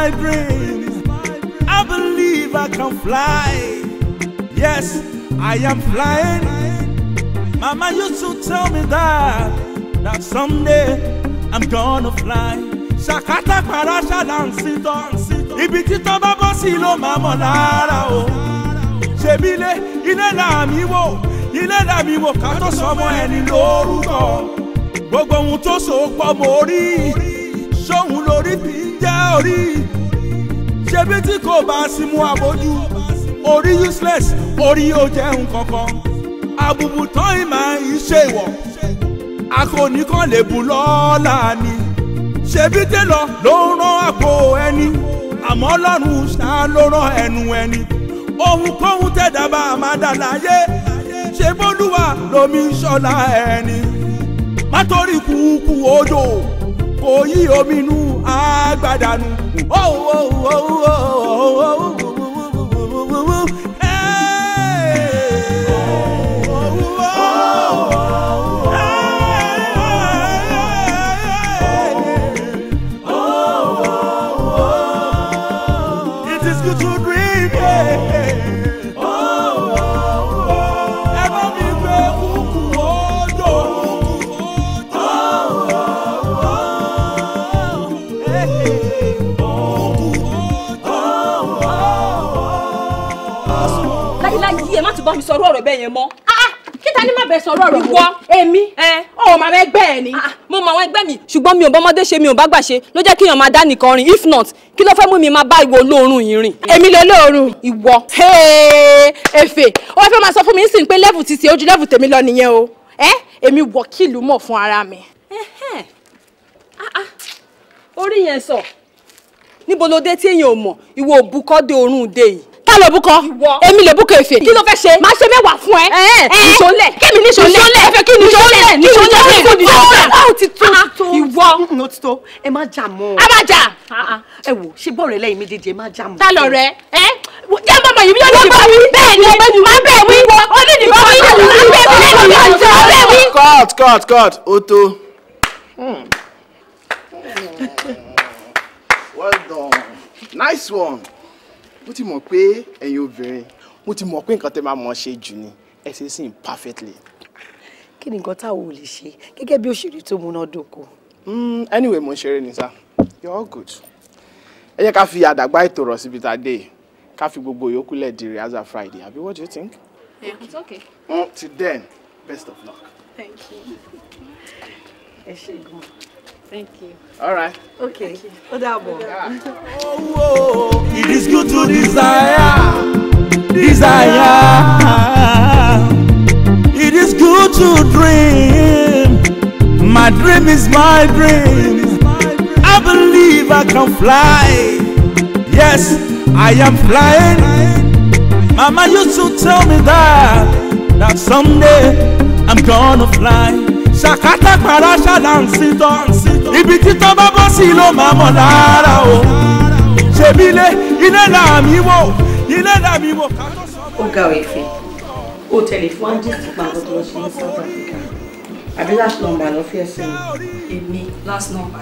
my brain. I believe I can fly. Yes, I am flying. Mama used to tell me that that someday I'm gonna fly. Ṣàkátà para ṣàlàǹsì tọ̀ǹsì. Ibi títọ́ bá bọ́ sí ló máa mọ̀ lára o. Ṣèbí ilé ilé là mí wò ilé là mí wò ká tó sọmọ ẹni lórúkọ. Gbogbo ohun tó so pọ̀ mórí ṣóhun lórí fi ń jẹ́ orí ṣebí tí kò bá sí mú abojú orí useless orí ò jẹun kankan àbùbù tán ìmọ̀ ìṣe ìwọ̀ akọni kan lè bu lọ́la ni ṣebí télọ̀ ló ń rán àpò ẹni àmọ́ Ọlọ́run ṣá ló rán ẹnu ẹni ohunkóhun tẹ̀dá máa dà láyé ṣe bólúwa lomi ṣọlá ẹni má torí kúkú odò kò yí omi inú agbádànù. Oh, oh, oh, oh, oh, oh, oh. oh. bọ́ mi sọ̀rọ̀ ọ̀rọ̀ bẹ́ẹ̀ yẹn mọ́. Ah, ah, kíta ni má bẹ sọ̀rọ̀ ọ̀rọ̀ wọ èmi ọ mà wẹ́ gbẹ́ ẹ̀ ni. Ah, mo mọ àwọn ẹgbẹ́ mi ṣùgbọ́n mi ò bọ́mọdé ṣe mi ò bá gbà ṣe ló jẹ́ kíyàn máa dá nìkan rìn if not kí ló fẹ́ mú mi máa bá ìwọ olóorun yìí rìn. èmi lè lóorun. ìwọ. èfè ó fẹ́ máa sọ fún mi nísìnyí pé lẹ́fù ti ṣe ojú lẹ́fù tèmi lọ nìyẹn o èmi wọ̀kìlù mọ̀ fún ara mi. orí yẹn sọ níbo ló dé tí èèyàn ò mọ̀ ìwọ òbúkọ́ de òórùn dé yìí ta ló búkọ èmi lè búkọ èfè kí ló fẹ́ ṣe máa ṣe mẹ́wàá fún ẹ nìṣọlẹ kémi nìṣọlẹ ẹfẹ kí nìṣọlẹ nìṣọlẹ fún nìṣọlẹ ó ti tó ah, ìwọ ó ti tó ẹ má jà mọ́ a má jà ah, ah. ẹ wò ṣé bọ́ọ̀rẹ̀ lẹ́yìn méjèèjì ẹ má jà mọ́ ta lọ rẹ ẹ jẹ́ bàbá yìí mílíọ̀nù ìbá mi bẹ́ẹ̀ ni má bẹ́ẹ̀ mi ó ní ìbá mi má bẹ́ẹ̀ mi cut cut cut ó hmm. Hmm. Well done. Nice one mo ti mọ̀ pé ẹ̀yin obìnrin mo ti mọ̀ pé nǹkan tẹ́ máa mọ̀ ṣe jù ni ẹ ṣe sìn perfectly. kí ni nǹkan táwo ò lè ṣe gẹ́gẹ́ bí òṣèré tó múná dóko. Hmm, anyway mo ń ṣeré ni sá you're all good. ẹ jẹ́ ká fi àdàgbà ètò rọ̀ síbi tá a dé ká fi gbogbo yòókù lẹ̀ di rehearsal friday àbí what do you think. Yeah, it's okay. Mm, till then best of luck. thank you. ẹ ṣe gan Thank you. All right. Okay. Ó dàbọ̀. Oh, it is good to desire. Desire. It is good to dream. My dream is my dream. I believe I can fly. Yes, I am flying. Mama used to tell me that that someday I'm gonna fly. Shakata parasha dancing dance. ibi títọ́ bá bọ́ sí ló máa mọ̀ lára o ṣèbí ilé ilé là mí wò ilé là wò. ó ga ọ̀ èfè ó tẹ̀lé fún ájíǹsì pàgọ́ tó lọ ṣe ní South Africa àbí last number lọ fi ẹsẹ̀ mi. èmi last number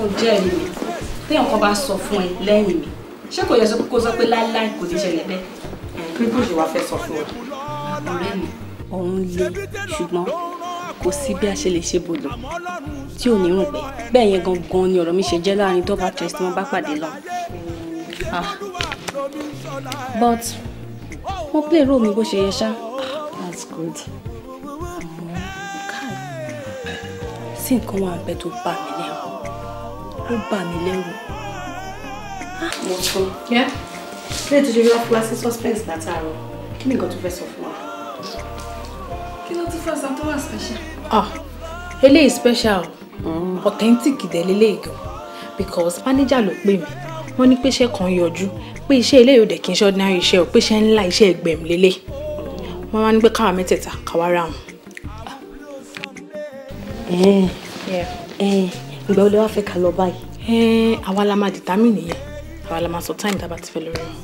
ó jẹ́ ẹ̀rí mi téèyàn kan bá sọ fún ẹ lẹ́yìn mi ṣé kò yẹ kó sọ pé láéláé kò ní ṣẹlẹ̀ bẹ́ẹ̀. pípọ̀ ṣe wá fẹ́ sọ fún ọ. ọ̀rẹ́ mi ọ̀hún le ṣùgbọ́n kò sí bí a ṣe lè ṣe bòlò tí ò ní rùn pẹ́ bẹ́ẹ̀ yẹn gangan ni ọ̀rọ̀ mi ṣe jẹ́ láàrin double actress tí wọ́n bá pàdé lọ. Ah. but wọ́n play role mi bó ṣe yẹ ṣá. that's good. sí nǹkan wà bẹ́ẹ̀ tó bà mí lẹ́rù ó bà mí lẹ́rù. Ah, mo tún. lẹ́yìn tó ṣe rí ọ́fúlá sí suspense látàárọ̀ kí ni nǹkan tó fẹ́ sọ fún Ah, tó is special. ah eléyìí special um, authentic ìdẹ́lélẹ́yìí gan because manager ló pè mí wọ́n ní pé iṣẹ́ kan yọjú pé iṣẹ́ ilé yóò dẹ̀ kí n ṣe ordinary iṣẹ́ o pé iṣẹ́ ńlá iṣẹ́ ẹgbẹ̀m lélẹ̀ wọ́n wá ní pé káwa mẹ́tẹ̀ẹ̀ta káwa ra wọn. Eh, eh, ìgbà wo lè wá fẹ́ ká lọ báyìí. Eh, àwa la máa determine yẹn àwa la máa sọ time tá a bá ti fẹ́ lórí wọn.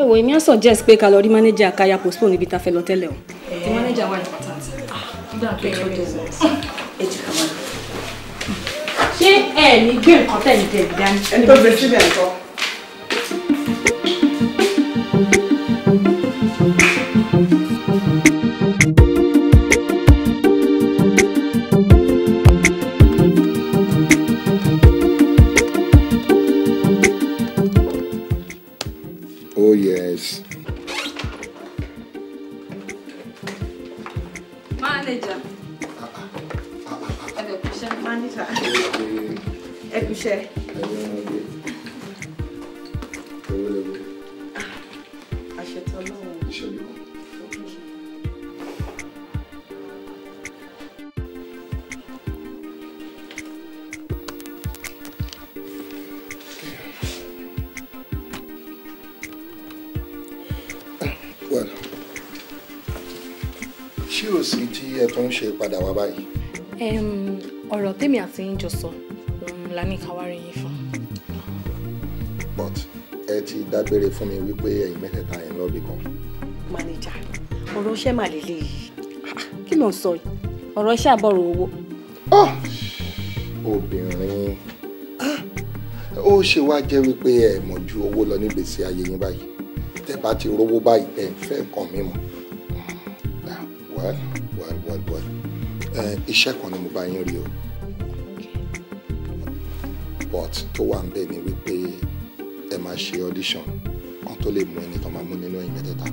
ẹ wo èmi á suggest pé ká lọ rí manager káyà postpone níbi tá a fẹ́ lọ tẹ́lẹ̀ o change our important. Ah, very important. Ẹ jẹ́ ká máa lọ. Ṣé ẹ ní gbé nǹkan tẹ̀yìn tẹ̀yìn dání? Ẹni tó gbé síbẹ̀ nǹkan. tí yín jọ sọ la ní ká wá rí yín fún. but ẹ ti dágbére fún mi wípé ẹ̀yin mẹ́tẹ̀ẹ̀ta yẹn lọ́ọ̀bì kan. manager ọ̀rọ̀ iṣẹ́ mà lélẹ̀ yìí kí ló ń sọ yìí ọ̀rọ̀ iṣẹ́ àbọ̀rọ̀ owó. Ah! obìnrin ó ṣe wá jẹ́ wípé ẹ mọ̀ ju owó lọ nígbèsè ayé yín báyìí tẹ́ bá ti rówó báyìí ẹ fẹ́ nǹkan mímọ́ ah, well well well well iṣẹ́ kan ni mo bá yín rí o but tó wà ń bẹ̀ ni wípé ẹ máa ṣe audition kan tó lè mú ẹni kan máa mú nínú ẹ̀yin mẹ́tẹ̀ẹ̀ta.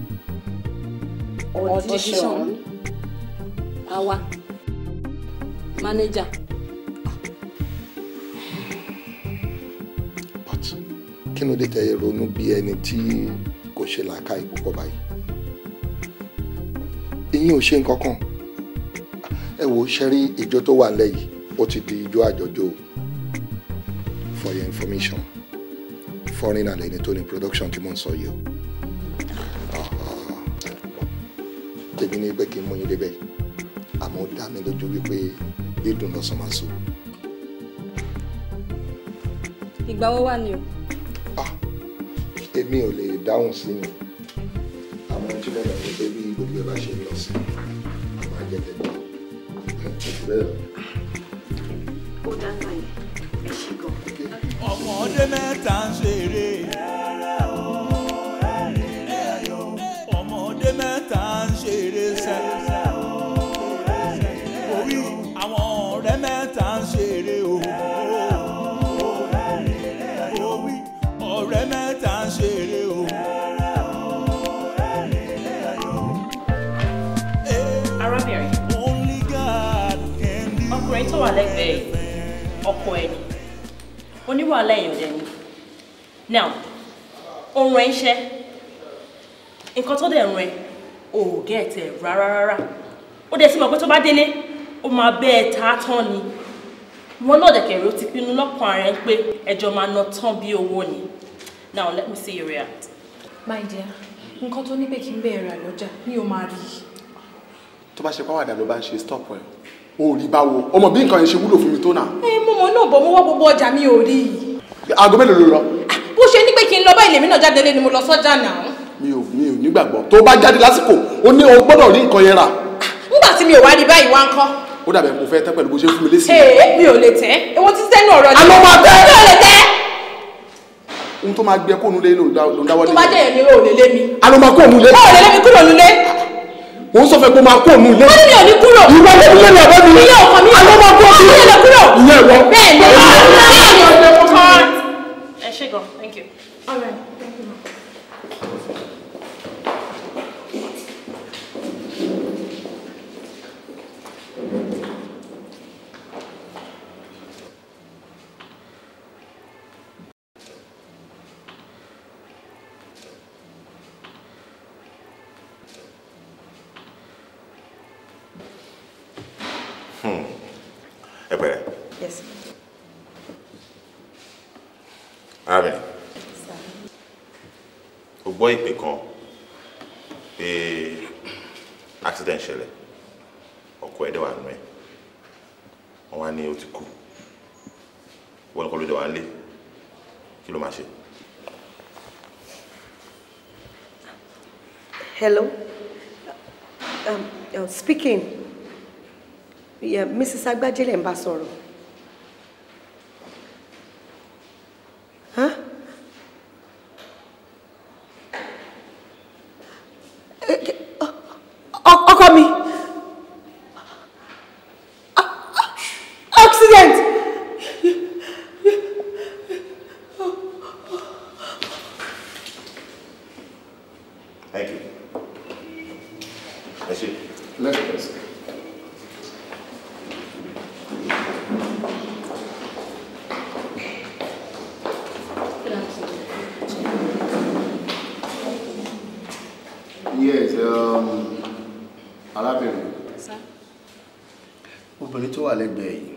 audition àwa manager. but kí ló dé tẹ ronú bí ẹni tí kò ṣe làákàyè púpọ̀ báyìí ìyín ò ṣe nǹkan kan ẹ wò ṣẹ́rí ìjọ tó wà lẹ́yìn ó ti di ìjọ àjọjọ for your information foreigner lẹni tó ní production tí mò ń sọ yìí o tèmi ní pé kí n mú yín débẹ̀ àmọ́ ó dá mi lójú wípé dídùn lọ́sàn máa so. ìgbà wo wà ní o. Ah, èmi ò lè dáhùn sí yín àwọn tí mo mọ̀ ní pé bí gbogbo ẹ bá ṣe lọ sí àmọ́ àjẹtẹ̀ náà ó ti bẹ́ẹ̀ lọ ọmọdé mẹ́ta ń ṣeré. ọmọdé mẹ́ta ń ṣeré sẹ́. orí àwọn ọ̀rẹ́ mẹ́ta ń ṣeré o. orí ọ̀rẹ́ mẹ́ta ń ṣeré o. arábìnrin ọkùnrin tó wà lẹ́gbẹ̀ẹ́ yìí. oníwàhálà èèyàn dẹ̀ ni now òun ẹ̀ ń ṣe nǹkan tó dẹ̀ rún ẹ ò gẹ̀ẹ́tẹ̀ rárá rárá ó dẹ̀ sì mọ̀ pé tó bá délé ó máa bẹ́ ẹ ta tán ni wọn náà dẹ̀kẹ̀rẹ́ ó ti pinnu lọ́kàn ara ẹ pé ẹjọ́ máa ná tán bí owó ni now let me see you react. my dear nǹkan tó ní pé kí n bẹ̀rẹ̀ rà lọ́jà ni o máa rí. tó bá ṣe pàwọ́dà ló bá ń ṣe stop well. o ò rí báwo ọmọ bí nǹkan yẹn ṣe wúlò fún mi tó nà. ẹ mọ mọ náà bọ mo wá gbogbo ọjà mi ò rí i. aago mélòó ló lọ. Ah, bó ṣe ní pé kí n lọ bá ilé mi náà jáde lé ni mo lọ sọ́jà náà. mi ò mi ò nígbàgbọ́ tó bá jáde lásìkò ó ní o gbọ́dọ̀ rí nǹkan yẹn rà. Ah, nígbà tí mi ò wá rí báyìí wá ń kọ́. ó dàbẹ̀ kò fẹ́ tẹ́ pẹ̀lú bó ṣe fún mi lé sí i. ee eh, mi ò lè tẹ́ ewo ti sẹ́nu ọ̀rọ̀ ni. àmọ́ o ò lè lé mi. àlọ́ o ò ò sọ fẹ́ kó máa kó òun ilé. wọ́n ní òní kúrò. ìwọ ló ń lé ní ọ̀bẹ ilé ọkọ mi yóò àwọn ọmọ ọkọ mi yóò kúrò. ìyá ìwọ. bẹ́ẹ̀ ni ẹ ṣe gan Thank you. gbọ́ ìpè kan pé accident ṣẹlẹ̀ ọkọ ẹ̀ wà nù ẹ̀ wọ́n wá ní ó ti kú wọ́n kọ́ ló dẹ̀ wà lé kí ló máa ṣe. hello um, uh, speaking yeah, mrs agbájẹ́lẹ̀ ń bá sọ̀rọ̀. Thank you. That's it. Let us. Yes, um, arábìnrin. Sir. Obìnrin tó wà lẹ́gbẹ̀ẹ́ yìí,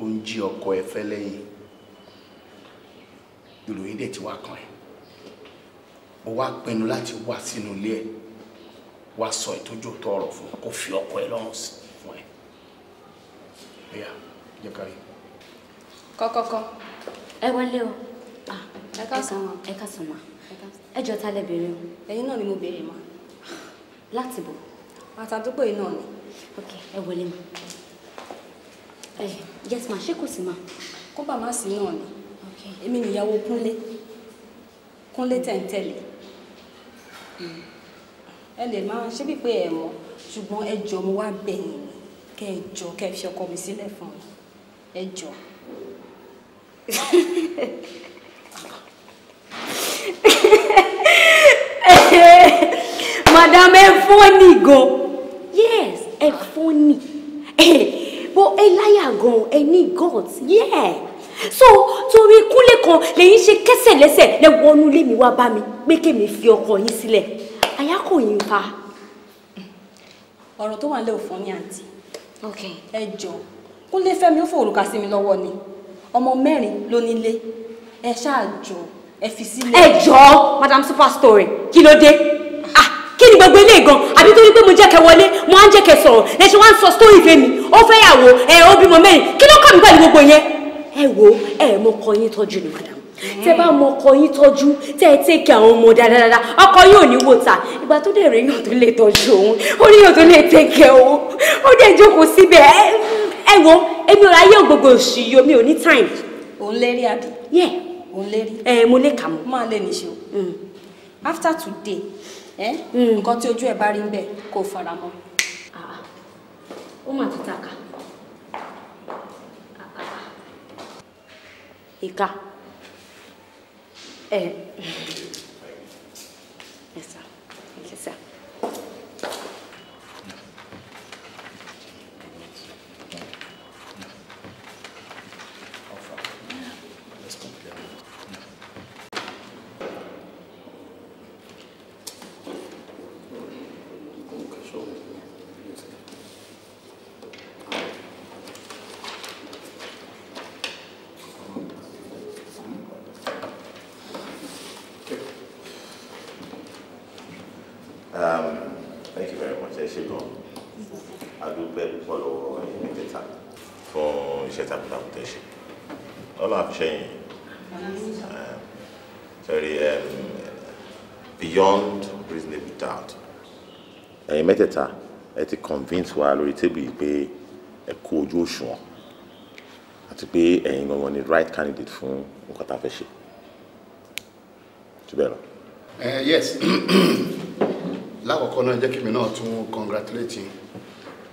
ó ń jí ọkọ ẹ fẹ́ lẹ́yìn. Ìròyìn ti wá kan ẹ̀ ó wá pinnu láti wá sínú ilé ẹ wá sọ ìtọ́jú tó ọ̀rọ̀ fún kó fi ọkọ ẹ lọ́rùn sí fún ẹ. ẹyà jẹ kárí. kọ́kọ́kọ́ ẹ wọlé o ah, ẹ ká sàn wọn ẹ jọ ta lẹ o. ẹ̀yin náà ni mo béèrè mọ. láti bọ̀. àtàdúgbò yìí náà ni. ok ẹ wọlé ma. ẹ yes ma ṣé kò sí ma. kó bàmá sí náà ni. ok èmi nìyàwó kúnlé kúnlé tẹ̀ ń tẹ̀lé ẹ lè máa ṣe bí pé ẹ mọ̀ ṣùgbọ́n ẹ jọ mo wá bẹ̀yìn kẹ́ ẹ jọ kẹ́ ẹ fi ọkọ mi sílẹ̀ fún mi ẹ jọ. madam ẹ fọ́nì gan yes ẹ fọ́nì bó ẹ láyà gan ẹ ní gods. yeah so torí kúnlẹ̀ kan lẹ́yìn ṣe kẹ́sẹ̀lẹ́sẹ̀ lẹ wọnú ilé mi wá bá mi pé kémi fi ọkọ yín sílẹ̀ àyà kò yín pa. ọ̀rọ̀ tó wà nílẹ̀ òfin ni àǹtí ẹ jọ kúnlẹ̀ fẹ́mi ó fòrùka sí mi lọ́wọ́ ni ọmọ mẹ́rin ló nílé ẹ ṣáà jọ ẹ fi sílẹ̀. ẹ jọ madam super story kí ló dé ah, kí ni gbogbo ilé gan àbí torí pé mo jẹ́ kẹ́ wọlé mo á ń jẹ́ kẹ́ sọ̀rọ̀ ẹ ṣe wá ń sọ story fẹ́mi ó fẹ́ yàwó ẹ ó bímọ mẹ́rin kí ló kọ́ mi pẹ̀lú gbogbo yẹn ẹ wo ẹ mọ ọkọ yín tọ́jú ni madam tẹ bá mọ ọkọ yín tọ́jú tẹ ẹ tẹkẹ àwọn ọmọ dáadáa ọkọ yín ò ní wò ta ìgbà tó dẹ̀ rèéyàn tó lè tọ́jú òun ó níyàn tó lè tẹkẹ òun ó dẹ̀ jókòó síbẹ̀ ẹ wo èmi ò ráyè gbogbo òṣì yìí omi ò ní time. òun lè rí àbí. yẹ òun lè rí. ẹ mo lè kà mọ. máa lè níṣe o. Mm. after today mm. nǹkan tí ojú ẹ bá rí ń bẹ kó o fara mọ́. Ah, ah. ó mà ti ta ká. y Eh. Have changed ṣẹ́yìn sorry um, beyond reasonable doubt ẹ̀yin mẹ́tẹ̀ẹ̀ta ẹ ti convince wa lórí tébù yìí pé ẹ kó ojú òṣùwọ̀n àti pé ẹ̀yin gangan ni right candidate fún nǹkan tá a fẹ́ eh, yes lákọ̀ọ́kọ́ náà jẹ́ kí mi congratulate you.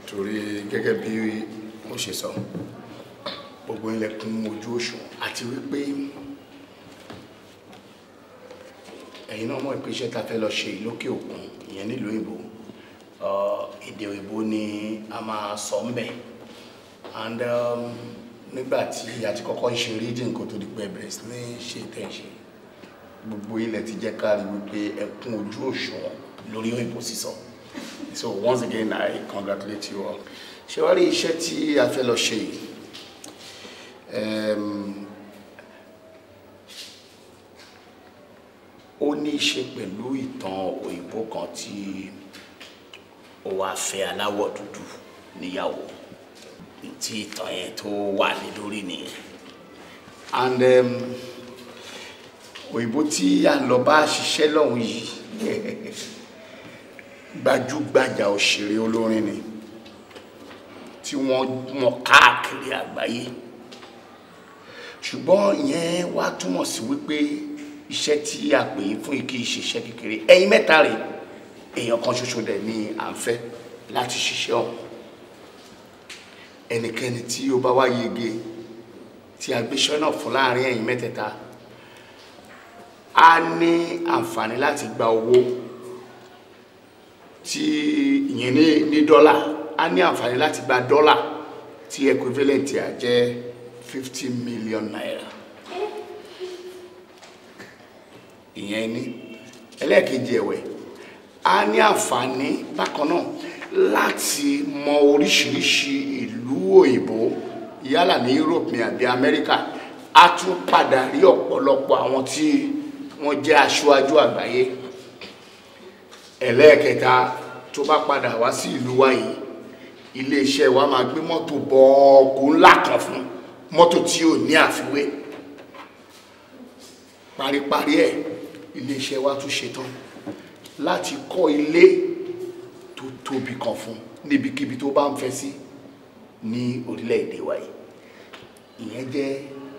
To the ó ṣe sọ. So gbogbo ilẹ̀ ojú òṣùwọ̀n àti wípé ẹ̀yin náà mọ̀ pé iṣẹ́ ta fẹ́ lọ ṣe lókè òkun ìyẹn nílùú òyìnbó èdè òyìnbó ni a máa sọ ńbẹ̀ and um, nígbà tí a kọ́kọ́ ṣe reading kó tó di pé bẹ̀rẹ̀ sí ní ṣe ìtẹ̀ṣe gbogbo ilẹ̀ ti jẹ́ kárí wípé ẹ ojú òṣùwọ̀n lórí òyìnbó sísọ so once again I congratulate you all ṣe wá rí iṣẹ́ tí a fẹ́ lọ ṣe yìí ó ní í ṣe pẹ̀lú ìtàn òyìnbó kan tí ó wáá fẹ́ aláwọ̀ dúdú níyàwó tí ìtàn yẹn tó wà lé lórí nìyẹn and òyìnbó tí à ń lọ bá ṣiṣẹ́ lọ́hùn yìí gbajúgbajà òṣèré olórin ni tí wọ́n mọ̀ káàkiri àgbáyé ṣùgbọ́n yẹn wá túmọ̀ sí wípé iṣẹ́ tí a pè é fún ike ìṣiṣẹ́ kékeré ẹ̀yin mẹ́ta rè èèyàn kan ṣoṣo dẹ̀ ni à ń fẹ́ láti ṣiṣẹ́ ọ̀hún ẹnikẹ́ni tí ó bá wá yege tí a gbé ṣọ́nà fún láàrin ẹ̀yin mẹ́tẹ̀ẹ̀ta a ní àǹfààní láti gba owó tí ìyẹn ní dọ́là a ní àǹfààní láti gba dọ́là tí equivalent à jẹ́ fifty million naira ìyẹn ni ẹlẹ́ẹ̀kejì ẹ̀wẹ̀ a ní àǹfààní bákan náà láti mọ oríṣiríṣi ìlú òyìnbó yálà ní Europe ní àbí America a tún padà rí ọ̀pọ̀lọpọ̀ àwọn tí wọ́n jẹ́ aṣáájú àgbáyé ẹlẹ́ẹ̀kẹta tó bá padà wá sí ìlú wa yìí iléeṣẹ́ wa máa gbé mọ́tò bọ́ọ̀kù ńlá kan fún un mọ́tò tí ò ní àfiwé paríparí ẹ̀ iléeṣẹ́ wa tún ṣetán láti kọ́ ilé tó tóbi kan fún níbikíbi tó bá ń fẹ́ sí ní orílẹ̀-èdè wa yìí ìyẹn jẹ́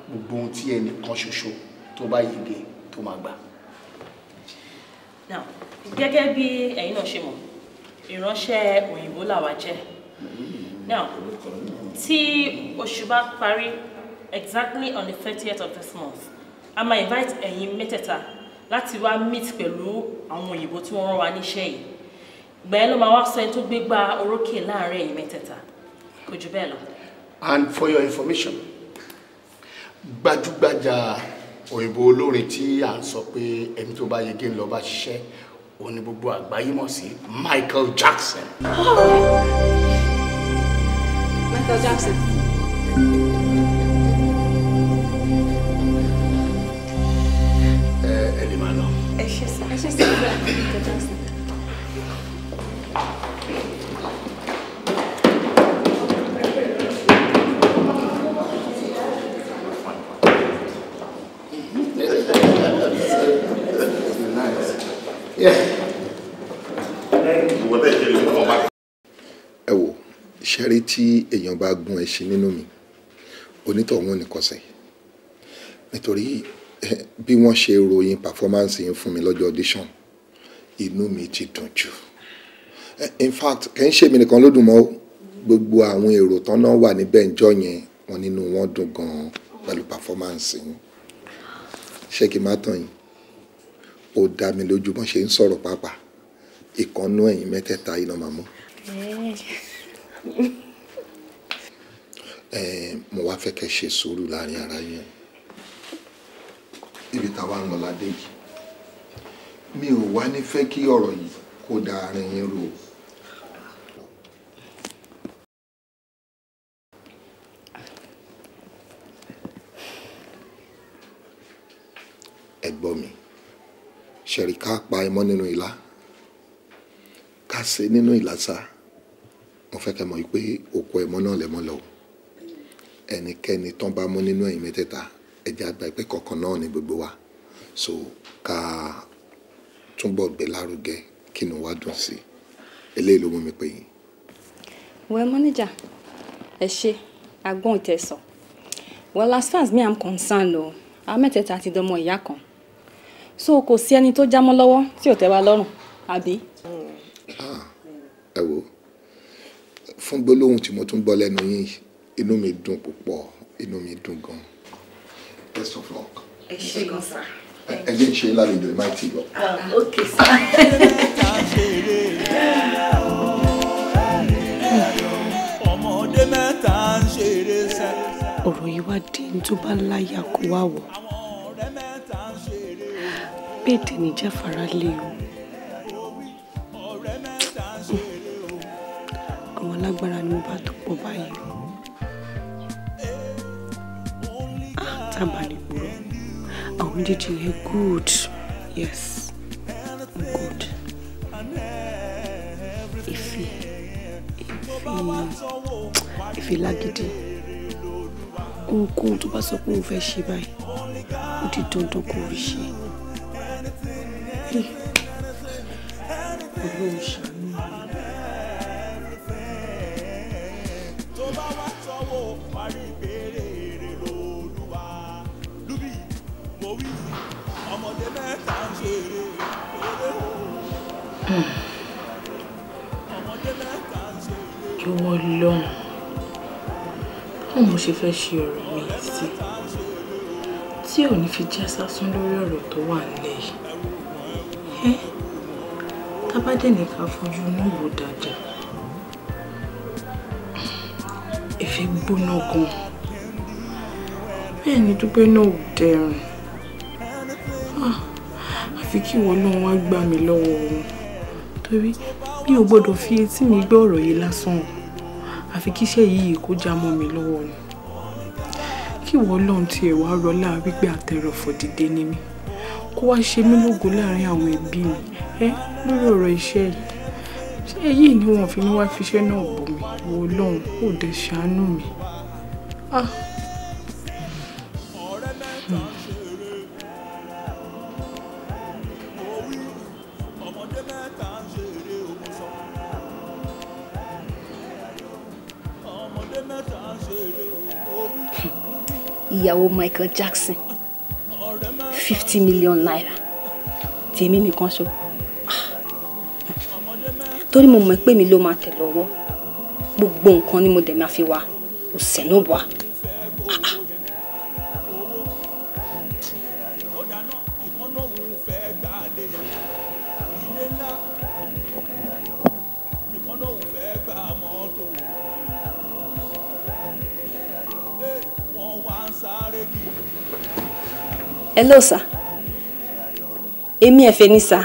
gbogbo ohun tí ẹnìkan ṣoṣo tó bá yege tó máa gbà. now gẹ́gẹ́ bí ẹ̀yin náà ṣe mọ̀ ìránṣẹ́ òyìnbó làwa jẹ́ now tí oṣù bá parí exactly on the thirtieth of this month a máa invite ẹ̀yin mẹ́tẹ̀ẹ̀ta láti wá meet pẹ̀lú àwọn òyìnbó tí wọ́n rán wa níṣẹ́ yìí gbẹ̀ẹ́ ló máa wá sọ ẹni tó gbé gba orókè láàárín ẹ̀yin mẹ́tẹ̀ẹ̀ta kò jù bẹ́ẹ̀ lọ. and for your information gbajúgbajà òyìnbó olórin tí à ń sọ pé ẹni tó bá yege ń lọ bá ṣiṣẹ́ òun ni gbogbo àgbáyé mọ̀ sí Michael Jackson. Oh. Go Jackson. Eh, Elimano. Eh, yes, yes, Go Jackson. Yeah. ṣẹ́rí tí èèyàn bá gún ẹṣin nínú mi onítọ̀hún ní kọsẹ̀ nítorí eh, bí wọ́n ṣe ròyìn pàfọ́mánsì yẹn fún mi lọ́jọ́ audition inú mi ti dùn jù eh, in fact kì í ṣe mi nìkan ló dùn mọ́ gbogbo àwọn èrò tán náà wà níbẹ̀ ńjọ́ yẹn wọn nínú wọn dùn gan-an pẹ̀lú pàfọ́mánsì yẹn ṣé kí n má tàn yín ó dá mi lójú bọ́n ṣe ń sọ̀rọ̀ pàápàá ìkànnú ẹ̀yìn mẹ́tẹ̀ẹ̀ta iná màmú ẹ mo wá fẹ́ kẹ́ ṣe sùúrù láàrin ara yẹn ibi táwa ń lọ ládé yìí mi ò wá ní fẹ́ kí ọ̀rọ̀ yìí kó da àárín yín rú o. mi ṣẹ̀rí pa ẹmọ́ nínú ìlà ká ṣe nínú ìlà sáà mo fẹ́ kẹ́ mọ̀ pé òkú ẹ̀mọ́ náà lẹ́mọ́ lọ ẹnikẹ́ni tán bá mú nínú ẹ̀yin mẹ́tẹ̀ẹ̀ta ẹ̀jẹ̀ àgbà pé kọ̀ọ̀kan náà ni gbogbo wa so ká túbọ̀ gbé lárugẹ kí ni wàá dùn sí eléyìí ló mú mi pè yín. well manager ẹ ṣe agbóhùn tẹsán well as far as me i'm concerned o àwọn mẹ́tẹ̀ẹ̀ta ti dọmọ ìyá kan so kò sí ẹni tó jámọ́ lọ́wọ́ tí ò tẹ́ wa lọ́rùn àbí. fún gbólóhùn tí mo tún gbọ́ lẹ́nu yín inú mi dùn púpọ̀ inú mi dùn gan. best of luck. ẹ ṣe gan sá. ẹ jẹ́ ṣe lálejò ẹ má ti lọ. Ah, ok sá. ọ̀rọ̀ yìí wá di tó bá láyà kó wá wọ̀. bẹ́ẹ̀ tẹ̀ ní jáfara lé o. alágbára ni mo bá tó pọ̀ báyìí ah, tábà ní àwọn méjèèjì yẹn good yes good ìfì ìfì ìfì lágídí ohunkóhun tó bá sọ pé òun fẹ́ ṣe báyìí ó di dandan kó rí ṣe. Hey. Olóòṣà. dúró lọ́hùn báwo mo ṣe fẹ́ ṣe ọ̀rọ̀ mi sí tí ò ní fi já sásán lórí ọ̀rọ̀ tó wà nílẹ̀ yìí tábádẹ́ni ká fojú inú wò dáadáa ìfẹ́ gbóná gan bẹ́ẹ̀ ni dúpẹ́ náà ò dẹrùn ah, àfi kí ìwọ náà wá gbà mí lọ́wọ́ òun torí mi ò gbọ́dọ̀ fi etí mi gbọ́ ọ̀rọ̀ yìí lásán o àfi kíṣẹ́ yìí kó já mọ́ mi lọ́wọ́ ni kí ìwọ ọlọ́run ti ẹ̀wà rọlá wípé àtẹrọ̀fọ̀ dìde ni mí kó wá ṣe mí lógo láàrin àwọn ẹbí mi ẹ lórí ọ̀rọ̀ iṣẹ́ yìí ṣé èyí ni wọn fi mí wá fiṣẹ́ náà bò mí ìwọ ọlọ́run ò dẹ̀ ṣàánú mi. Ah. ìyàwó Michael Jackson fifty million naira tèmi nìkan ṣo torí mo mọ̀ pé mi ló máa tẹ̀ lọ́wọ́ gbogbo nǹkan ni mo dẹ̀ máa fi wá òsè náà wà. hello sir èmi ẹ̀fẹ̀ ni sir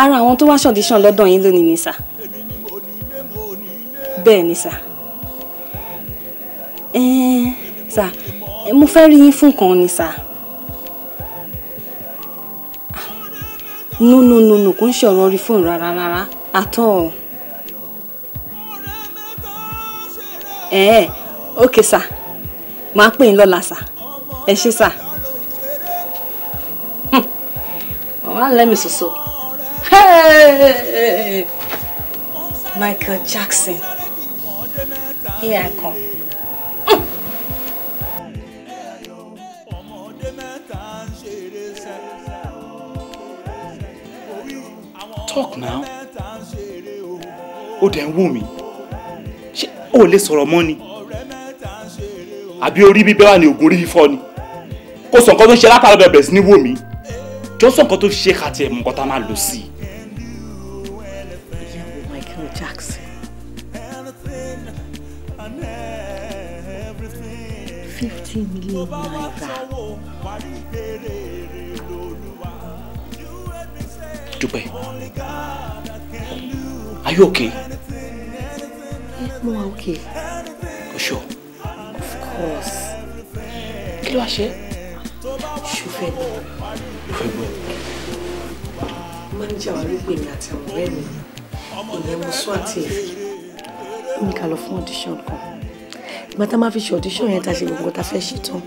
ara àwọn tó wá ṣọ̀díṣàn lọ́dọ̀ yín lónìí ni sir bẹ́ẹ̀ ni sir ẹ̀ẹ́n sir mo fẹ́ rí yín fún kan ni sir no no no no kò ń ṣe ọ̀rọ̀ orí fóònù rárá rárá àtọ̀ ẹ̀ẹ́ ok sir màá pè yín lọ́la sir ẹ ṣe sà mama let me soso hey! Michael Jackson here I come. Talk now ó dẹ̀ ń wù mí ṣé ó lè sọ̀rọ̀ mọ́ ni àbí orí bíbẹ́ wà ní ògùn orí fífọ́ ni kó sọ nǹkan tó ṣe látàlọ́ bẹ̀rẹ̀ sí ní wò mí jọ sọ nǹkan tó ṣe ká tiẹ̀ mú nǹkan tá a máa lò sí i. million naira. dúpẹ́ are you okay? yes mo okay. for sure. of course. kí ló wá ṣe é ṣùfẹ́ mi. fẹ́ gbọ́. máníjà wa ló pè mí àti àwọn ọ̀rẹ́ mi ìyẹn mo sún àti ẹ̀fí. mi kà lọ fún audition kan ìgbà tá a máa fi ṣe audition yẹn tá a ṣe gbogbo tá a fẹ́ ṣe tán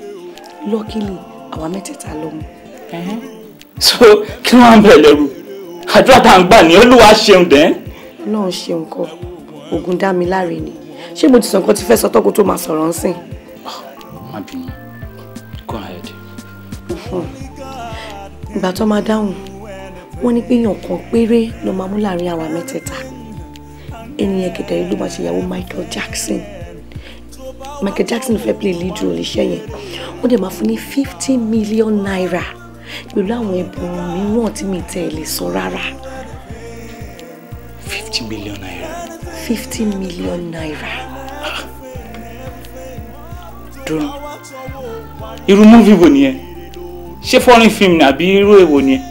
luckily àwa mẹ́tẹ̀ẹ̀ta lọ mu. so kí ló ń bẹ̀ lẹ́rù àdúrà tá à ń gbà ní olúwa ṣeun dẹ́n. ọlọ́run ṣeun kọ ògùn dá mi láre ni ṣé mo ti sọ nǹkan tí fẹ́ sọ tọ́kọ tó máa sọ̀rọ̀ ń sìn. má bínú ìgbà tó máa dáhùn wọ́n ní pé èèyàn kan péré ló máa mú láàrin àwa mẹ́tẹ̀ẹ̀ta ènìyàn kẹtẹ̀rí ló máa ṣèyàwó Michael Jackson Michael Jackson fẹ́ play lead role iṣẹ́ yẹn wọ́n dẹ̀ máa fún ní fifty million naira pẹ̀lú àwọn ẹ̀bùn mìíràn tí mi tẹ̀ lè sọ rárá. fifty million naira. fifty million naira. Ah. dúró irú múfì wo nìyẹn ṣé foreign film ni àbí irú èwo ni.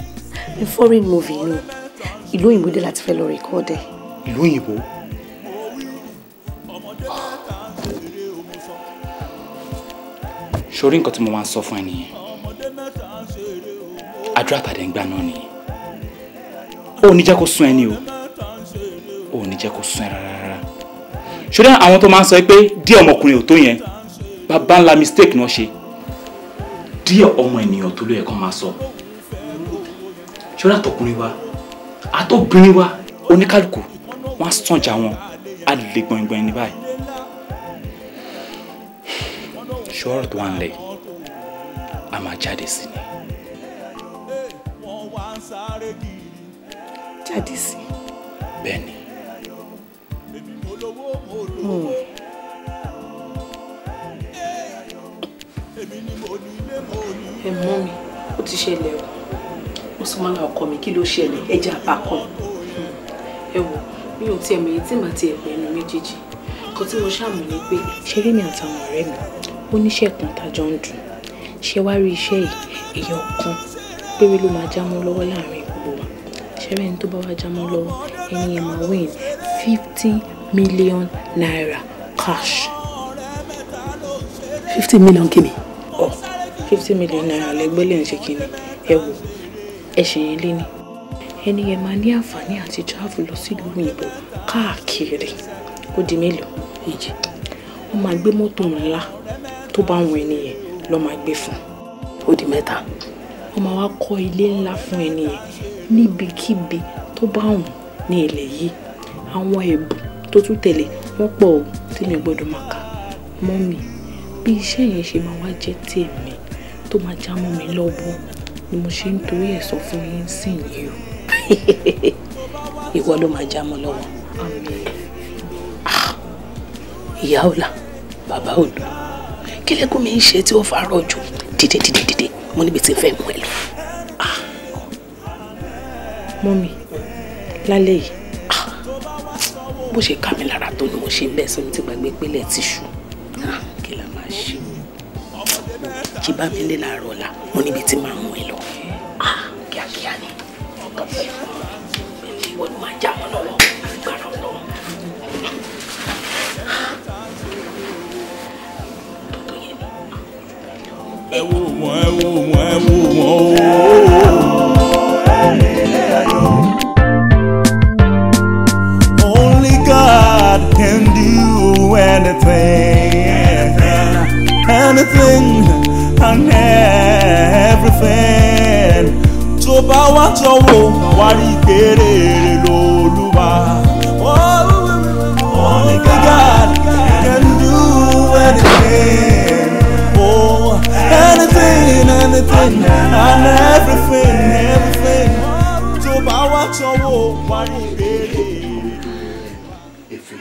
foreign movie ni ìlú òyìnbó dé láti fẹ́ lọ rìkọ́ọ̀dẹ̀. ìlú òyìnbó. sórí nǹkan tí mo máa ń sọ fún ẹ nìyẹn àdúrà tàdé ń gbà náà nìyẹn ó ní jẹ́ kó sún ẹni o ó ní jẹ́ kó sún ẹ rárá sórí àwọn tó máa ń sọ pé díẹ̀ ọmọkùnrin ò tó yẹn bàbá ńlá mistake náà ṣe díẹ̀ ọmọ ènìyàn tó ló yẹ kó máa sọ ṣọlá tọkùnrin wa àtọbìnrin wa oníkálukú wọn á sànjà wọn á lè gbọ̀ngbọ̀n ní báyìí ṣọ́ọ̀rọ̀ tó wà ń lẹ̀ a máa jáde sí ni. jáde sí. bẹ́ẹ̀ ni. Hmm ẹ mọ́ mi ó ti ṣẹlẹ̀ o ó sọ máa ń ọkọ mi kí ló ṣẹlẹ̀ ẹja àpapọ̀ ẹ wò mi ò tiẹ̀ mọ èyí tí màá ti ẹ̀pẹ́ ẹnu méjèèjì nǹkan tí mo ṣàmù ni pé ṣe rí mi àtàwọn ọ̀rẹ́ mi ó níṣẹ́ kan tájọ ń dùn ṣé wá rí iṣẹ́ yìí èèyàn kan péré ló máa já mọ́ lọ́wọ́ láàrin gbogbo wa ṣẹ́rẹ́ ni tó bá wá já mọ́ lọ́wọ́ ẹni yẹn máa win fifty million naira cash. fifty million kìíní. ọ̀ oh fifty million naira lẹ́gbẹ́ lè ń ṣe kínní ẹ wò ẹ ṣe yẹn lé ní. ẹni yẹn máa ní àǹfààní àti travel lọ sílùú òyìnbó káàkiri ó di mélòó èjì wọ́n máa gbé mọ́tò ńlá tó bá wọn ẹni yẹn lọ́ máa gbé fún ó di mẹ́ta wọ́n máa wá kọ́ ilé ńlá fún ẹni yẹn níbikíbi tó bá wọn ní ilẹ̀ yìí àwọn ẹ̀bùn tó tún tẹ̀lé wọ́n pọ̀ ó tí mi gbọ́dọ̀ máa kà mọ́ mi bí iṣẹ́ yẹn ṣe máa wá jẹ́ tèmi tó máa já mọ́ mi lọ́wọ́ ni mo ṣe ń torí ẹ̀ sọ fún yín sìn yìí o ìwọ ló máa já mọ́ lọ́wọ́ ah, ìyá ọ̀la bàbá òdu kí lẹ́kùn mi ń ṣe tí ó fa rọ̀jò dìde dìde dìde mo níbi tí ń fẹ́ mú ẹ lọ. Ah. mọ́mi lálẹ́ yìí ah, bó ṣe ká mi lára tó ni mo ṣe ń bẹ́ẹ̀ sọ ní ti gbàgbé pélé ẹ̀ jí bá mi lé láàárọ̀ ọ̀la mo níbi tí màá mú ẹ lọ kíákíá ni ọkàn bẹ́ẹ̀ máa já wọn lọ́wọ́ gbàrà wọn ẹ wo wọn ẹ wo wọn ẹ wo wọn o. Only God can do anything, anything. anything and everything tó bá wá tọ́wọ́ wá rí ìgbére rẹ̀ lọ́lúwa. Only God can do anything. Oh, anything, anything, and everything, everything. Tó bá wá tọ́wọ́ wá rí ìgbére. Efe,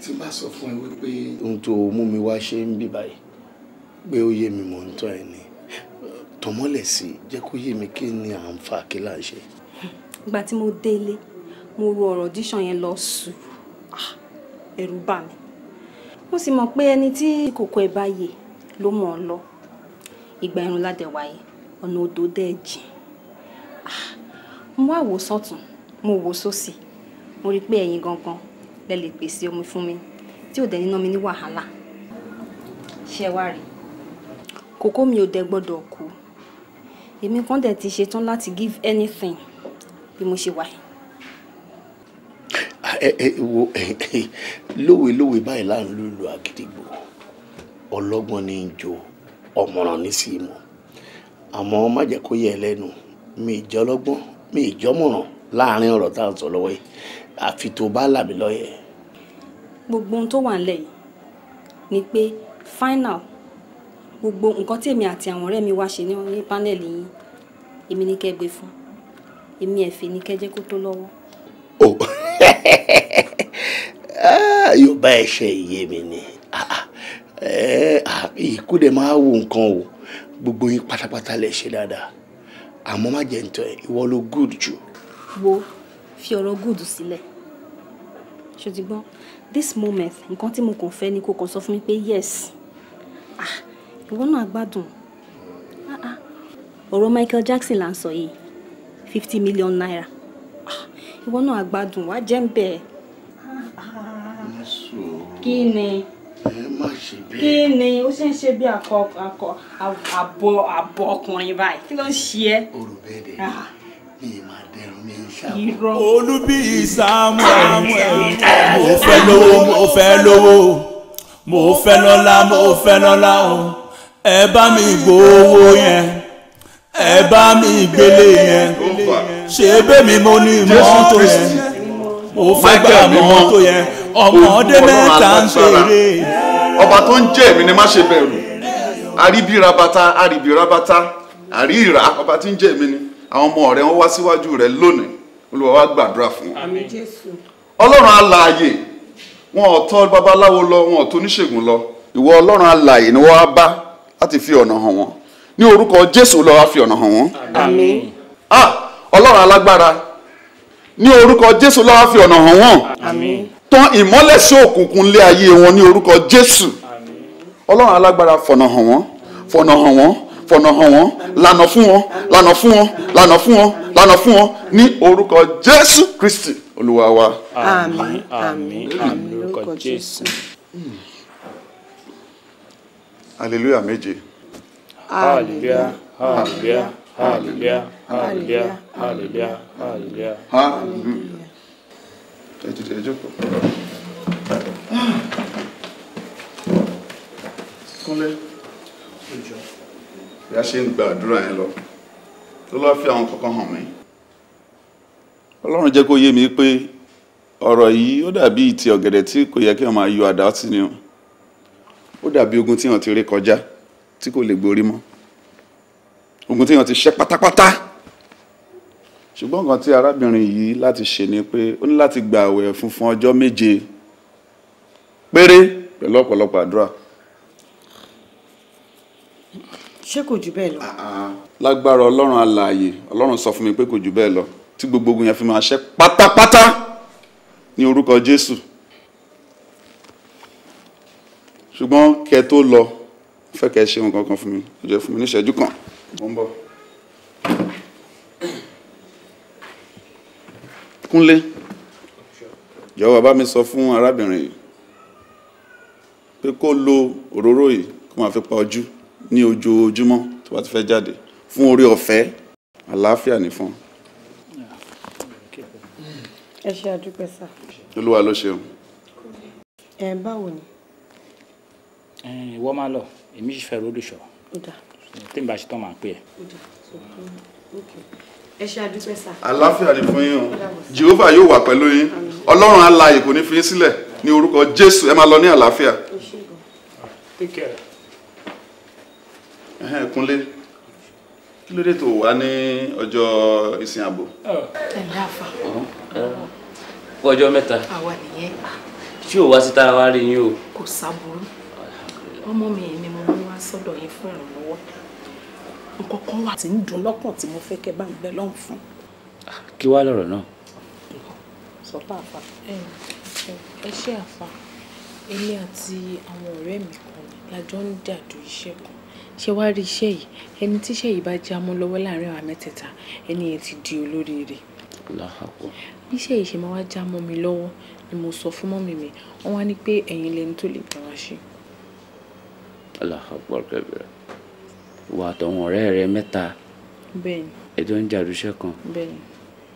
tí n bá sọ fún ẹ wípé ohun tó mú mi wá ṣe ń bí báyìí pé ó yé mi mò ń tọ́ ẹ ni tọmọlẹ̀ sí jẹ́ kó yé mi kí ni à ń fa kí là ń ṣe. ìgbà tí mo délé mo ro ọ̀rọ̀ díṣàn yẹn lọ sùn ah, ẹ̀rù bà mí mo sì mọ̀ pé ẹni tí kòkó ẹ̀ bá yè ló mọ̀ ọ́ lọ ìgbà ẹ̀rùn ládẹ̀wáyé ọ̀nà odò dẹ̀ jìn ah, mo wá wò sọ́tún mo wò sósì mo rí i pé ẹ̀yin gangan lẹ lè pèsè omi fún mi tí ò dẹ̀ ní ná mi ní wàhálà ṣé ẹ wá rí i kókó mi ò dẹ̀ gbọ́dọ̀ kú èmi kan dẹ̀ ti ṣetán láti give anything bí mo ṣe wà yìí. Ah, ẹ ẹ wo lówelówe báyìí là ń lùlù àgídìgbò ọlọ́gbọ́n ní í jó ọ̀mọ̀ràn ní sí mọ̀ àmọ́ má jẹ́ kó yẹ ẹ lẹ́nu mi ìjọ ọlọ́gbọ́n mi ìjọ mọ̀ràn láàrin ọ̀rọ̀ tá à sọ lọ́wọ́ yìí àfi tó bá là mí lọ́yẹ̀. gbogbo ohun tó wà nílẹ̀ yìí ni pé final gbogbo nǹkan tí èmi àti àwọn ọ̀rẹ́ mi wá ṣe ní panel yìí èmi ní kẹ́ gbé fún èmi ẹ̀fẹ̀ ní kẹ́ jẹ́ kó tó lọ́wọ́. o ah, yóò bá ẹ̀ṣẹ̀ iye mi ni ah, ah, ikú dẹ̀ máa wo nǹkan o gbogbo yín pátápátá lè ṣe dáadáa àmọ́ má jẹ́ ntọ́ ẹ̀ ìwọ ló good jù. wo fi ọ̀rọ̀ good sílẹ̀ ṣùgbọ́n this moment nǹkan tí mo kàn fẹ́ ni kò kàn sọ fún mi pé yes ah ìwọ náà gbádùn ọ̀rọ̀ Michael Jackson là ń sọ yìí fifty million naira ah, ìwọ náà gbádùn wàá jẹ́ ń bẹ̀ ẹ́. kí ni kí ni ó ṣe ń ṣe bí akọ akọ àbọ àbọ ọkùnrin báyìí kí ló ń ṣe ẹ́. orò bẹ́ẹ̀ dẹ̀ ah. mi máa dẹrùn mi ṣàmù. olúbí Samuel mo fẹ́ mo fẹ́ lówó mo fẹ́ lọ́lá mo fẹ́ lọ́lá o ẹ bá mi gbowó yẹn ẹ bá mi gbélé yẹn ṣé bẹ́mi mo ní mọ́tò yẹn mo fẹ́ gbà mọ́tò yẹn ọmọdé mẹ́ta ń pèrè. ọba tó ń jẹ́ èmi ni má ṣe bẹ̀rù àríbírabata àríbírabata àríra ọba tí ń jẹ́ èmi ni àwọn ọmọ rẹ wọn wá síwájú rẹ lónìí olúwa wa gbàdúrà fún wọn. ọlọ́run alààyè wọn ò tọ́ babaláwo lọ wọn ò tó oníṣègùn lọ ìwọ ọlọ́run alààyè ni wọ́n á bá láti fi ọ̀nà hàn wọ́n ní orúkọ jésù olúwa fi ọ̀nà hàn wọ́n. ah ọlọ́run alágbára ní orúkọ jésù olúwa fi ọ̀nà hàn wọ́n. àmín. tan ìmọ́lẹ̀ sí òkùnkùn lé ayé wọn ní orúkọ jésù. àmín. ọlọ́run alágbára fọ̀nà hàn wọ́n fọ̀nà hàn wọ́n fọ̀nà hàn wọ́n lànà fún wọn lànà fún wọn lànà fún wọn lànà fún wọn ní orúkọ jésù kristi olúwa wa. àmín àmín àmín orúkọ jésù hallelujah méje. hallelujah hallelujah hallelujah hallelujah hallelujah hallelujah hallelujah. ẹ dìde ẹ jókòó. kúnlẹ̀ bí a ṣe ń gba àdúrà yẹn lọ ló lọ́ọ́ fi àwọn kankan hàn mí. ọlọ́run jẹ́ kó yé mi pé ọ̀rọ̀ yìí ó dàbí ìtì ọ̀gẹ̀dẹ̀ tí kò yẹ kí wọ́n máa yọ àdá sí ni o ó dàbí ogun tí wọ́n ti ré kọjá tí kò lè gborí mọ́ ogun tí wọ́n ti ṣẹ́ pátápátá ṣùgbọ́n nǹkan tí arábìnrin yìí láti ṣe ni pé ó ní láti gba àwẹ̀ funfun ọjọ́ méje péré pẹ̀lú ọ̀pọ̀lọpọ̀ àdúrà. ṣé kò jù bẹ́ẹ̀ lọ. Ah, ah. lágbára ọlọ́run alààyè ọlọ́run sọ fún mi pé kò jù bẹ́ẹ̀ lọ tí gbogbo ogun yẹn fi máa ṣẹ́ pátápátá ní orúkọ jésù. ṣùgbọ́n kẹ tó lọ fẹ́ kẹ ṣe nǹkan kan fún mi ó jẹ́ fún mi ní ìṣẹ́jú kan mo ń bọ̀. kúnlé jọ̀wọ́ bá mi sọ fún arábìnrin yìí pé kó lo òróró yìí kó máa fi pa ojú ní ojoojúmọ́ tó bá ti fẹ́ jáde fún orí ọ̀fẹ́ àlàáfíà ní fún. ẹ ṣe àdúpẹ́ sá. olúwa ló ṣeun. ẹ báwo ni ìwọ máa lọ èmi sì fẹ́ rólùṣọ́ tí n bá ṣe tán máa pè ẹ́. Um, ẹ ṣe àdúpẹ́ sá. àlàáfíà ni fún yín o jehova yóò wà pẹ̀lú yín ọlọ́run alààyè kò ní fi yín sílẹ̀ ní orúkọ jésù ẹ máa lọ ní àlàáfíà. kúnlé kí ló dé tó wá ní ọjọ́ ìsìn àbò. Oh. ẹ dáfa. ọjọ́ mẹ́ta. àwa nìyẹn. tí ò wá sí a wá rí yín o. kò sábúrú ọmọ mi ni mo mú wá sọ́dọ̀ yín fún ìrànlọ́wọ́ nǹkan kan wà tí ń dùn lọ́kàn tí mo fẹ́ kẹ́ bá ń bẹ lọ́hùn fún. kí wàá lọ̀rọ̀ náà. sọ́tà àfa. ẹ ṣe àfa èmi àti àwọn ọ̀rẹ́ mi kan lájọ ń dàdú iṣẹ́ kan ṣé wàá rí iṣẹ́ yìí ẹni tíṣẹ́ yìí bá já mọ́ lọ́wọ́ láàrin àwọn mẹ́tẹ̀ẹ̀ta ẹni yẹn ti di olóríire. bí iṣẹ́ yìí ṣe máa wá já mọ́ mi lọ́wọ́ ni mo sọ fún mọ́mì mi wọ́n wá ní pé ẹ̀yin lẹni tó lè gbà wá ṣe. Allahu Akbar kabira wà àtọ̀wọn ọ̀rẹ́ rẹ mẹ́ta ẹjọ́ ń jàdúṣẹ́ kan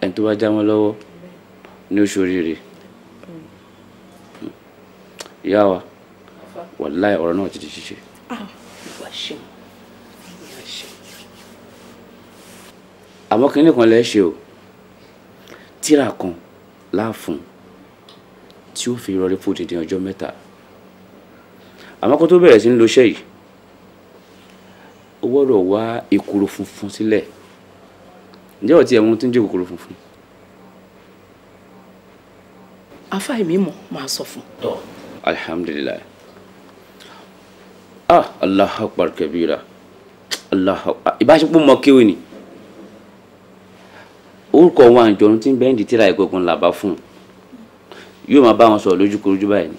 ẹni tó bá já wọn lọ́wọ́ ní oṣù oríire ìyá wa wàláì ọ̀rọ̀ náà ti di ṣíṣe. Ah, àmọ́ kínní kan lẹ́ ṣe o tíra kan láàfún tí ó fi rọrí fún odidi ọjọ́ mẹ́ta àmọ́ kó tó bẹ̀rẹ̀ sí ń lo iṣẹ́ yìí o gbọ́dọ̀ wá ekuru funfun sílẹ̀ ǹjẹ́ ọ̀tí ẹ̀wọ̀n tó ń jẹ́ kòkòrò funfun. afáì mi mọ̀ máa sọ fún. alhamdulilayi ah allah akbar kabira allah akbar ìbáṣepọ̀ mọ kéwì ni orúkọ wọn àjọrun tí ń bẹ́ẹ̀ ń di tíra ìgbẹ́gun làbá fún yóò máa bá wọn sọ̀rọ̀ lójúkorojú báyìí ni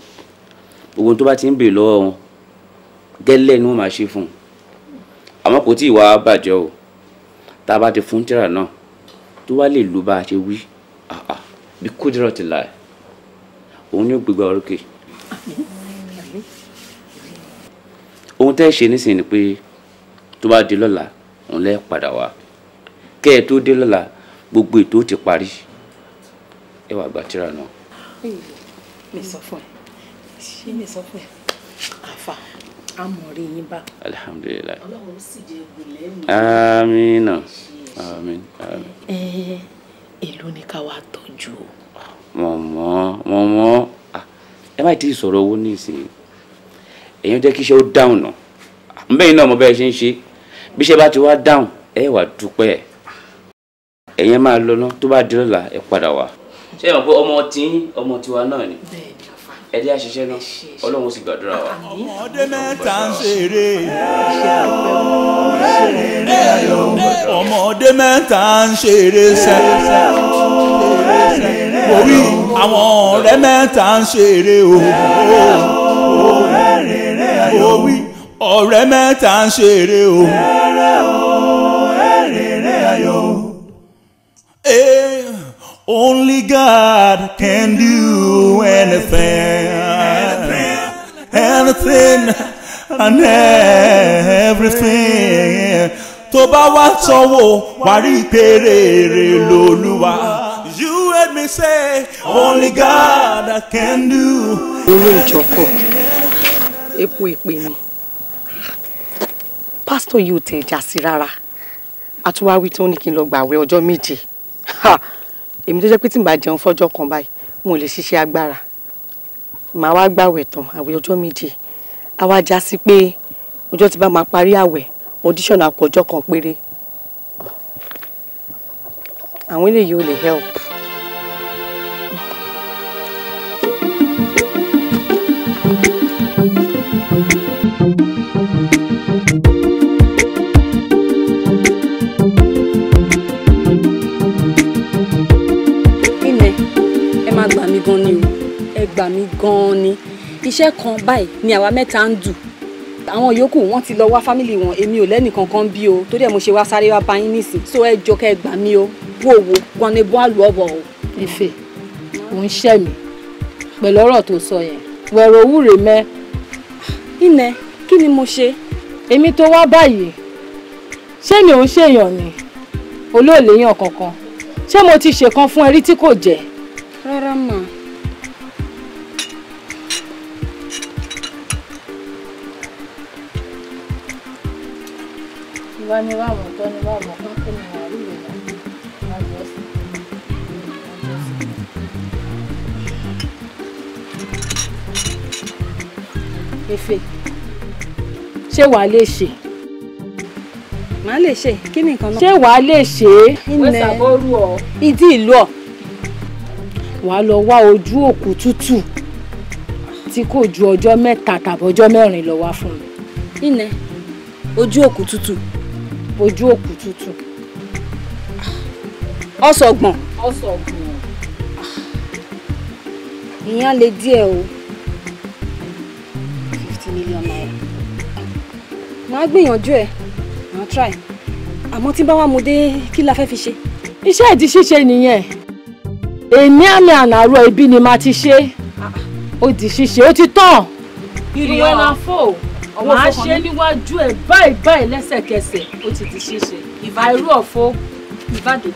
gbogbo tó bá ti ń bèrè lọ́wọ́ wọn gẹ́lẹ́ ni wọ́n máa ṣe fún un àmọ́ kò tí ì wá bàjẹ́ o tá a bá ti fún tíra náà tó wá lè lò bá a ṣe wí bí kúdírọ̀ ti là òun ni ó gbégbá orókè. ohun tẹ́ ṣe nísìnyí ni pé tó bá di lọ́la òun lẹ́ padà wá kẹ́ ẹ tó dé lọ́la gbogbo ètò ti parí ẹ wá gba tíra náà. mi ṣé mi sọ fún ẹ àfà àmọ̀rí yín bá. alhamdulilayi ọlọ́run sì jẹ́ ìgbìlẹ̀ mi. amina amin amin. ẹ èlò ni ká wàá tọ́jú o. mọ̀mọ́ mọ̀mọ́ ẹ má ti sọ̀rọ̀ owó nísìnyí èyàn jẹ́ kí iṣẹ́ ó dáhùn nà mbẹ́yìn náà mo bẹ́ẹ̀ ṣe ń ṣe bí iṣẹ́ bá ti wá dáhùn ẹ wà dúpẹ́ ẹ̀yẹn máa lọ ná tó bá di ọ̀la ẹ padà wá. Mm. ṣé ẹ mọ̀ pé ọmọ tí ọmọ tiwa náà ni. bẹ́ẹ̀ ẹ jẹ́ àṣiṣẹ́ náà ọlọ́run sì gbàdúrà wa. ọmọdé mẹ́ta ń ṣeré ọmọdé mẹ́ta ń ṣeré sẹ́ orí àwọn ọ̀rẹ́ mẹ́ta ń ṣeré o orí ọ̀rẹ́ mẹ́ta ń ṣeré o. Only God can do anything, anything, and everything. Tó bá wá sọ́wọ́ wá rí ìpèrèrè You heard me say, only God can do. Olú ìjọkọ̀, epo ìpè ni. Pásítọ̀ yìí ò tẹ̀ já sí rárá. Àtúwáwí tó ní kí n lọ gbàwé èmi tó jẹ́ pé tí n bá jẹun fọ́jọ́ kan báyìí mo lè ṣiṣẹ́ agbára màá wá gbàwẹ̀ tán àwẹ̀ ọjọ́ méje á wá já sí pé ọjọ́ tí bá máa parí àwẹ̀ audition àkọ́jọ́ kan péré àwọn eléyìí ò lè help. gan ni o ẹ gbà mí gan ni iṣẹ́ kan báyìí ni àwa mẹ́ta ń dù àwọn yòókù wọn ti lọ wá fámìlì wọn èmi ò lẹ́nì kankan bí o torí ẹ̀ mo ṣe wá sáré wá báyìí nísìn so ẹ jọ kẹ́ ẹ gbà mí o Wo wo. gan ni bó àlù ọ̀bọ̀ o. Ife ò ń ṣẹ́ mi pẹ̀lú ọ̀rọ̀ tó sọ yẹn wẹ̀rọ òwúre mẹ́. Ìnẹ kí ni mo ṣe. èmi tó wá báyìí ṣé mi ò ń ṣèyàn ni olóòléyàn kankan ṣé mo ti ṣèkan fún ẹ rí tí kò jẹ. rárá màá vai me wá àwọn me ní wá àwọn kan kí ni wà á rí ìwé náà má efe ṣé wàá lè ṣe. màá lè ṣe kí ni nǹkan náà. ṣé wàá lè ṣe é. wẹ́sà bó rú ọ. ìdí ìlú ọ wàá lọ wá ojú òkú tútù tí kò ju ọjọ́ mẹ́ta tàbí ọjọ́ mẹ́rin lọ wá fún mi. ìnẹ ojú òkú tútù ojú òkú tútù ọ̀sọ̀gbọ̀n ọ̀sọ̀gbọ̀n ìyẹn lè díẹ̀ o fifty million naira màá gbìyànjú ẹ̀ màá try àmọ́ tí bá wà mo dé kí la fẹ́ fi ṣe. iṣẹ́ ìdí ṣíṣe nìyẹn èmi àmì ànàrọ̀ ibi ni màá ti ṣe ah, ó di ṣíṣe ó ti tán. you dey màá ṣe níwájú ẹ báyìí báyìí lẹ́sẹ̀kẹsẹ̀ ó ti di ṣíṣe àìrú ọ̀fọ̀ ìbàdàn.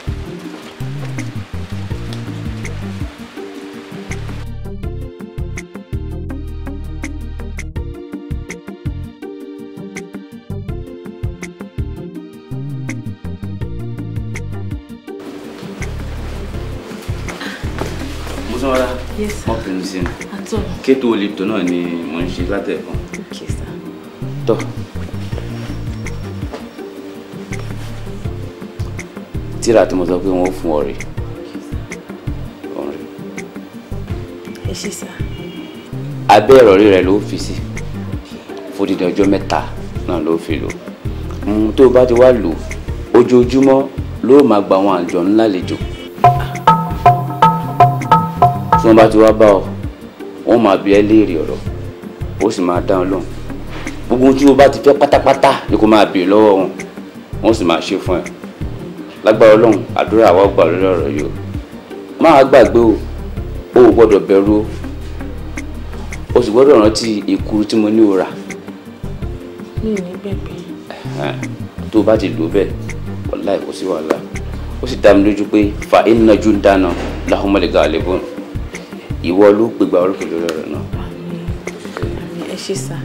Yes, sir. Ọkùnrin sí ni. Àtọ̀. Kéto olè tó náà ni mò ń ṣe látẹ̀kọ́. Okay, sir. Tuh. Tíra tí mo sọ pé wọ́n fún ọ rè. Ẹ ṣe sá. Abẹ́ ìrọ̀rí rẹ̀ ló fi sí. Fódìdí ọjọ́ mẹ́ta náà ló fi lò. Tó o bá ti wá lò, ojoojúmọ́ ló máa gba àwọn àjọ ńlá lejò. Tí wọ́n bá ti wá bá ọ, wọ́n máa bi gbogbo ohun tí o bá ti fẹ́ pátápátá ni kò máa béèrè lọ́wọ́ wọn wọn sì máa ṣe fún ẹ lágbára ọlọ́run àdúrà àwa gbà lórí ọ̀rọ̀ yìí o máa gbàgbé o o ò gbọ́dọ̀ bẹ̀rù o o sì gbọ́dọ̀ rántí ìkuru tí mo ní o rà. mi ò ní bẹ̀bẹ̀. tó o bá ti lò bẹ́ẹ̀ wàhálà kò sí wàhálà ó sì dá mi lójú pé fa iná ju ń dáná láhùnmọ́lẹ̀ gàlẹ́ bọ́ọ̀nù ìwọ ló gbégbá orúkọ lórí ọ̀rọ̀ náà ṣe sá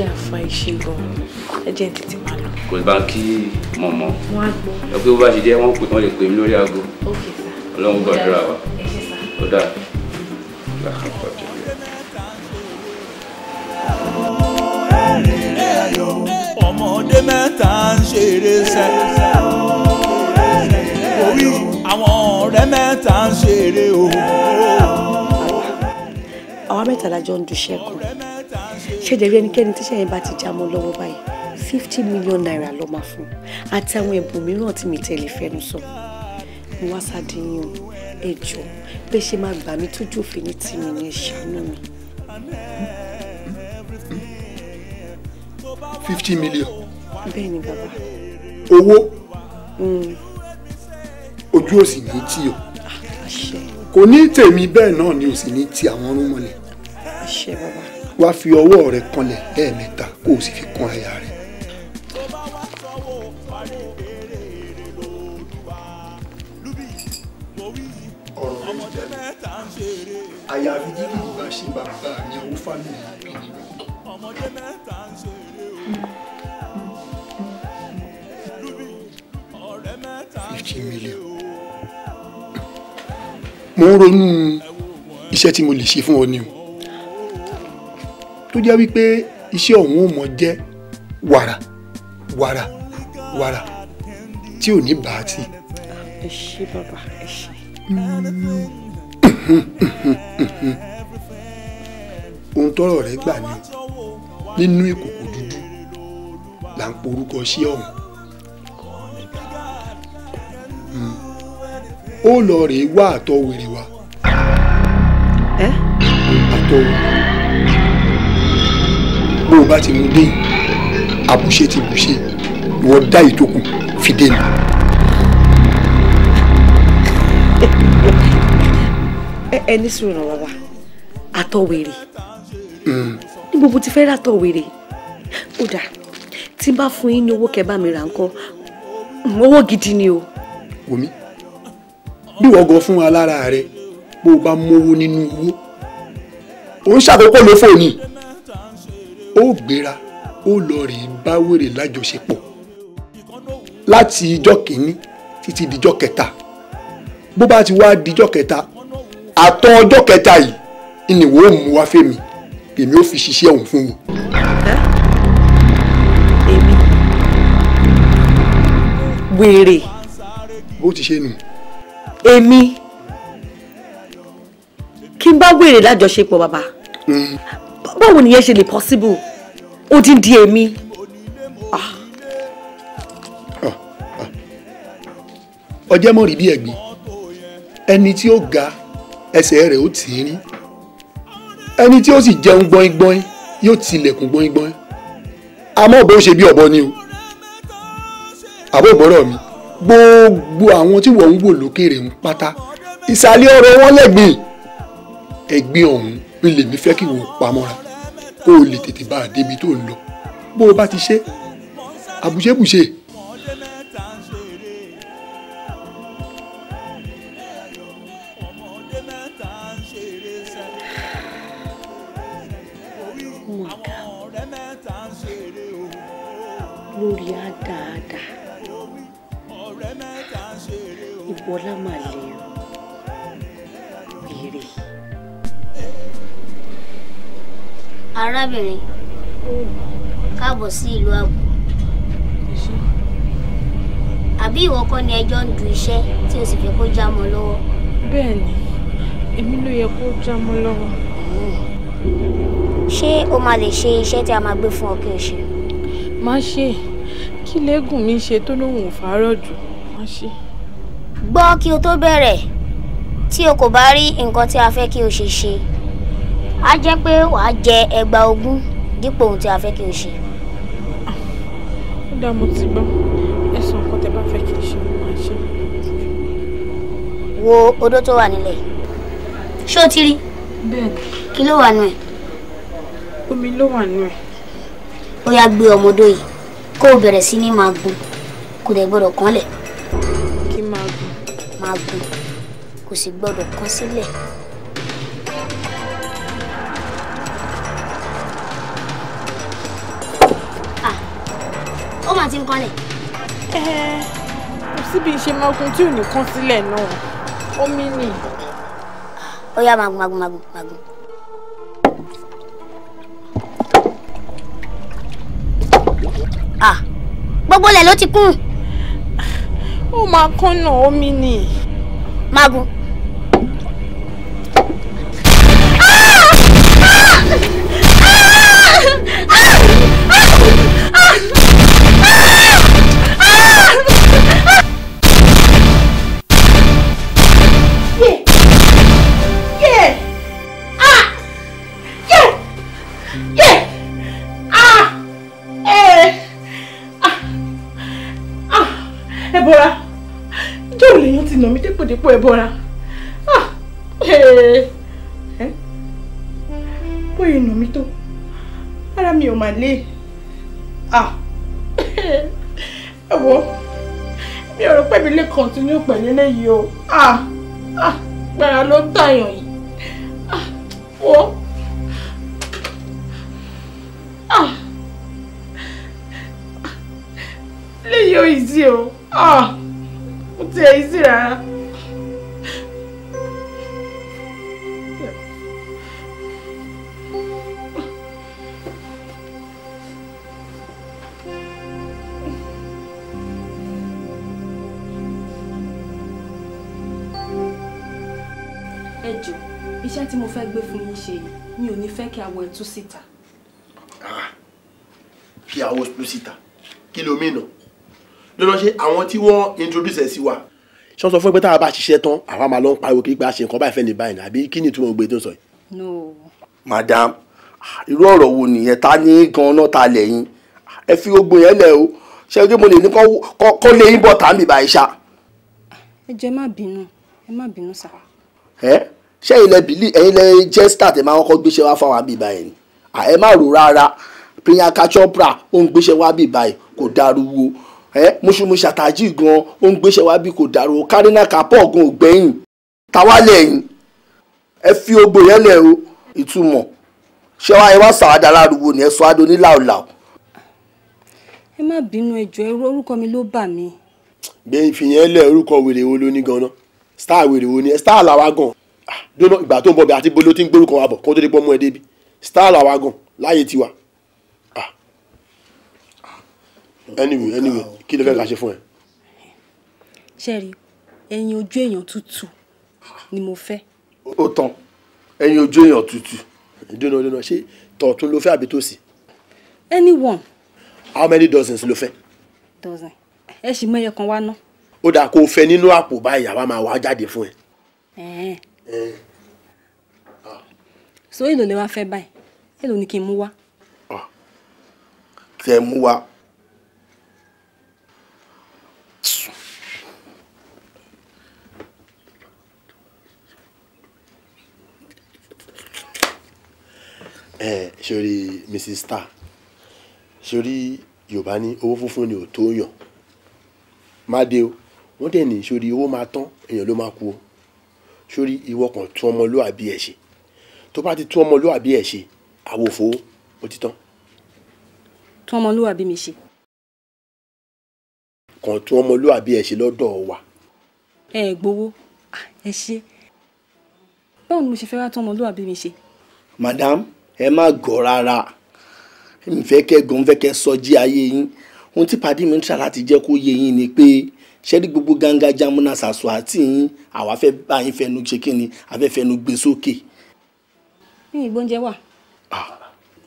ẹ àfa ìṣe gan-an tètè máa lọ. kò bá kí mọ̀mọ́ ẹ pé bó bá ṣe jẹ́ wọ́n pè wọ́n lè pè mí lórí aago ọlọ́run gbàdúrà wa ó dà ọmọdé mẹ́ta ń ṣeré sẹ́sẹ́ orí àwọn ọ̀rẹ́ mẹ́ta ń ṣeré o. àwa mẹ́ta la jọ ń duṣẹ́ kan ṣèdèrí ẹnikẹ́ni tíṣẹ́ yẹn bá ti já mọ́ lọ́wọ́ báyìí fifty million naira ló máa fún àti àwọn ẹ̀bùn mìíràn tí mi tẹ̀lé fẹ́nu sọ mo wá sádìyàn ẹ jọ̀ọ́ bẹ́ ṣe máa gbà mí tójú òfin ní tì mí ní ẹ mi. fifty million. bẹ́ẹ̀ ni bàbá. owó hmm. ojú òsì ní tí o ah, kò ní tèmi bẹ́ẹ̀ náà ni òsì ní ti àwọn ọrùn mọ́lẹ̀. àṣẹ bàbá wá fi ọwọ́ rẹ kanlẹ̀ lẹ́ẹ̀mẹ́ta kó o sì fi kún àyà rẹ. àyà mi ní kí n bá ṣe bàbá ìyàwó fámìlì fifty million. mo ń ronú iṣẹ́ tí mo lè ṣe fún ọ ni o tó jẹ́ wípé iṣẹ́ ọ̀hún ò mọ̀ jẹ́ wàrà wàrà wàrà tí ò ní bàá tì. ẹ ṣé bàbá ẹ ṣé. ohun tọrọ rẹ gbà ni nínú ìkòkò dúdú là ń porúkọ sí ọ̀hún. ó lọ rèé wá àtọ̀ wa. ẹ bó o bá ti mú dé àbùṣe ti bùṣe ìwọ dá ìtókù fi dé ni. ẹ ní sùúrù náà bàbá àtọ̀wèrè hmm. ní gbogbo ti fẹ́ ràtọ̀wèrè ó dáa tí n bá fún yín ní owó kẹ́ bá mi rà ńkọ́ mm, owó gidi ni o. wòmí bí wọ́n gan fún wa lára rẹ bó o bá mówó nínú owó ó ń ṣàkókò lófò ni ó gbéra ó lọ rè é bá wèrè lájọṣepọ̀ láti ijọ́ kìíní títí dijọ́ kẹta bó bá ti wá dijọ́ kẹta àtọ́ ọjọ́ kẹta yìí ìnìwó mú wá fẹ́mi èmi ò fi ṣiṣẹ́ òun fún wọn. èmi wèrè. bó ti ṣe nù. èmi kí n bá wèrè lájọṣepọ̀ bàbá mm báwo nìyẹn ṣe lè possible odindi èmi. ọjẹ́ ah. mọ̀ rí bí ẹ̀gbin ẹni tí ó ga ẹsẹ̀ rẹ̀ ó tì í rí ẹni tí ó sì jẹun gbọ́ngbọ́n yóò tilẹ̀kùn gbọ́ngbọ́n àmọ́ ọ̀bọ ó ṣe bí ọ̀bọ ni o àbọ̀ ìgbọ́rọ̀ mi gbogbo àwọn tí wọ́n ń wò lókèrè ń pátá ìsàlẹ̀ ọ̀rọ̀ wọn lẹ́gbìn ẹ̀gbin ọ̀hún ni lèmi fẹ́ kí wọ́n pamọ́ra kó o lè tètè bá a débi tó ń lọ bó o bá ti ṣe àbùṣebùṣe arábìnrin káàbọ̀ sí ìlú àbò àbí ìwọ kọ́ ni ẹjọ́ ń du iṣẹ́ tí o sì fẹ́ kó já mọ́ lọ́wọ́. bẹ́ẹ̀ ni èmi ló yẹ kó já mọ́ lọ́wọ́. ṣé o máa lè ṣe iṣẹ́ tí a máa gbé fún ọ kí o ṣe. má ṣe kí lẹ́gùn mi ṣe tó lóun ò fàárọ̀ jù má ṣe. gbọ́ kí o tó bẹ̀rẹ̀ tí o kò bá rí nǹkan tí a fẹ́ kí o ṣe ṣe á jẹ́ pé wàá jẹ ẹgbàá ogún dípò ohun tí a fẹ́ kí o ṣe. ó dá mo ti gbọ́ ẹ̀sùn nǹkan tẹ́ bá fẹ́ kí n ṣe máa ṣe. wo odó tó wà nílẹ̀ ṣé o ti rí. bẹ́ẹ̀ni. kí ló wà nù ẹ̀. omi ló wà nù ẹ̀. ó yá gbé ọmọdé yìí kó o bẹ̀rẹ̀ sí ní máa gun kò dẹ̀ gbọ́dọ̀ kánlẹ̀. kí máa gun. máa gun kò sì gbọ́dọ̀ kán sílẹ̀. Si mà ti ń kọ́lẹ̀. ẹ kò síbi ìṣe magun tí ò ní kán sílẹ̀ náà omi nì. ó yá magun magun magun magun. ah gbogbo ilẹ̀ ló ti kún. ó máa kán náà omi nì. magun. dípò ìbora ah, eh. bó inú mi tó ara mi ò mà lé ah, ẹ wo mi ò rò pé mi lè kọ̀ntínú pẹ̀lú eléyìí o ah, ah gbára ló ń tàyàn yìí wo. lẹ́yìn ò ìzí o ah mo ti ẹ̀ ìzí rárá. ṣe yìí mi ò ní fẹ́ kí awọ ẹ tú síta. Ah, kí awọ tú síta kí ló mìíràn lọ́nà ṣe àwọn tí wọ́n introduce ẹ̀ sí wa. ṣé wọ́n sọ fún ẹ pé tá a bá ṣiṣẹ́ tán àwa máa lọ ń pariwo kí gba ṣe nǹkan báyìí fẹ́ ní báyìí àbí kí ni ìtumọ̀ ògbé tó ń sọ yìí. no. madam ah, irú ọ̀rọ̀ wo nìyẹn ta ní gan-an ta lẹ́yìn ẹ fi gbogbo yẹn lẹ̀ o ṣé ojú mo lè ní kọ́ lé yín bọ̀ tá báyìí ṣá. ẹ jẹ́ má bínú ẹ má bínú sá. ẹ ṣé ilẹ̀ bìlì ẹ̀yin lẹ jẹ́ start ẹ̀ máa kọ́kọ́ gbéṣẹ́ wá fáwọn àbí báyìí ni ẹ má rò rárá Priyanka Chopra ó ń gbéṣẹ́ wá bí báyìí kò dariwo ẹ Mushimusha Taji gan ó ń gbéṣẹ́ wá bí kò dariwo Karina Kapoor gan ò gbẹ́yìn lẹ́yìn ẹ fi ogbò yẹn lẹ̀ o ìtumọ̀ ṣé wàá ẹ wá sàwádà láruwo ni ẹ sọ adó ní làwùlàwù. ẹ má bínú ẹjọ́ ẹ orúkọ mi ló bà mí. gbé ìfìyẹn lẹ orúkọ wèrè wo ló ní ganan star wèrè wo ni star làwa gan dóná ìgbà tó ń bọ̀ bẹ́ẹ̀ àti bolo tí ń gbórúkọ wa bọ̀ kó tó dé pọ́ mú ẹ débi star làwa gan láyé tiwa ah. anyway anyway kí ló fẹ́ ká ṣe fún ẹ. ṣẹ́ẹ̀rì ẹyin ojú èèyàn tútù ni mo fẹ́. ó tán ẹyin ojú èèyàn tútù. dóná dóná ṣé tọ̀tún ló fẹ́ àbí tòsì. anyone. how many dozens ló fẹ́. dozen ẹ ṣì mọ ẹyẹ kan wá ná. ó dáa kó o fẹ́ nínú àpò báyìí àwa máa wá jáde fún ẹ. Eh, ah. so èlò lè wá fẹ́ báyìí èlò ni kí n mú wá. Ah. kí ẹ mú wá. ẹ eh, sori mrs star sori yorùbá ní owó funfun ni ò tó yàn má dé o wọ́n dẹ̀ ní sori owó máa tán èèyàn ló máa kú o sórí ìwọ kan tún ọmọlúwàbí ẹ ṣe tó bá ti tún ọmọlúwàbí ẹ ṣe àwo fowó ó ti tán. tún ọmọlúwàbí mi ṣe. kàn tún ọmọlúwàbí ẹ ṣe lọ́dọ̀ wa. ẹ ẹ gbowó ẹ ṣe báwo ni mo ṣe fẹ́ wá tún ọmọlúwàbí mi ṣe. madam ẹ má gọ̀ rárá ìfẹ́ kẹ́ gan fẹ́ kẹ́ sọ jí ayé yín ohun tí pàdé mi ń tà láti jẹ́ kó yé yín ni pé. Pe ṣẹ́rí gbogbo ganga jamuna sàṣọ àti yín àwa fẹ́ bá yín fẹnu ṣe kí ni àfẹ́ fẹnu gbé sókè. bí ìgbóúnjẹ wà.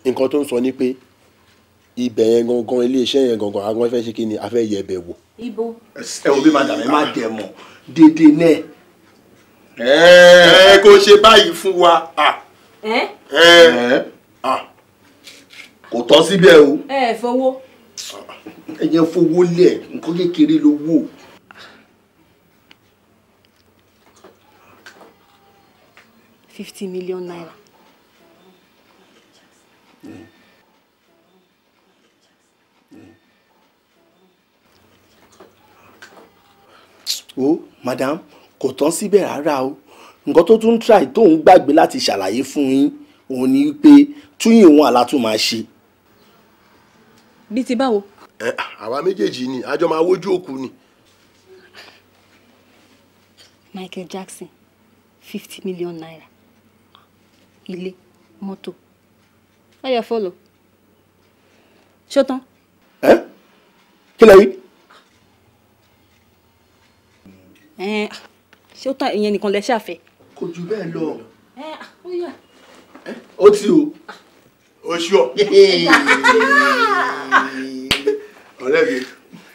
nǹkan tó ń sọ ni pé ibẹ̀ yẹn gangan iléeṣẹ́ yẹn gangan àwọn fẹ́ ṣe kí ni àfẹ́ yẹ ẹbẹ̀ wò. ibo. ẹ wo bí madam ẹ má dẹ mọ dédé náà. ẹ ẹ kò ṣe báyìí fún wa. ẹ ẹ kò tọ́ síbẹ̀ o. ẹ fọwọ́. ẹ yẹn fowó lẹ̀ nǹkan kékeré ló wò. fifty million naira. o madam kò tán síbẹ̀ rárá o nǹkan tó tún ń try tó ń gbàgbé láti ṣàlàyé fún yín òun ni pé túyìn òun àlátún máa ṣe. bíi ti báwo. ẹ àwa méjèèjì ni àjọ máa wojú òkú ni. Michael Jackson fifty million naira ilé mọ́tò ayà fọlọ̀ ṣọ́tán. ẹ kí lẹ rí. ṣọ́tán ìyẹn nìkan lẹ ṣàfẹ́. kò jù bẹ́ẹ̀ lọ. ó ti o oṣù ọ ọ̀rẹ́ mi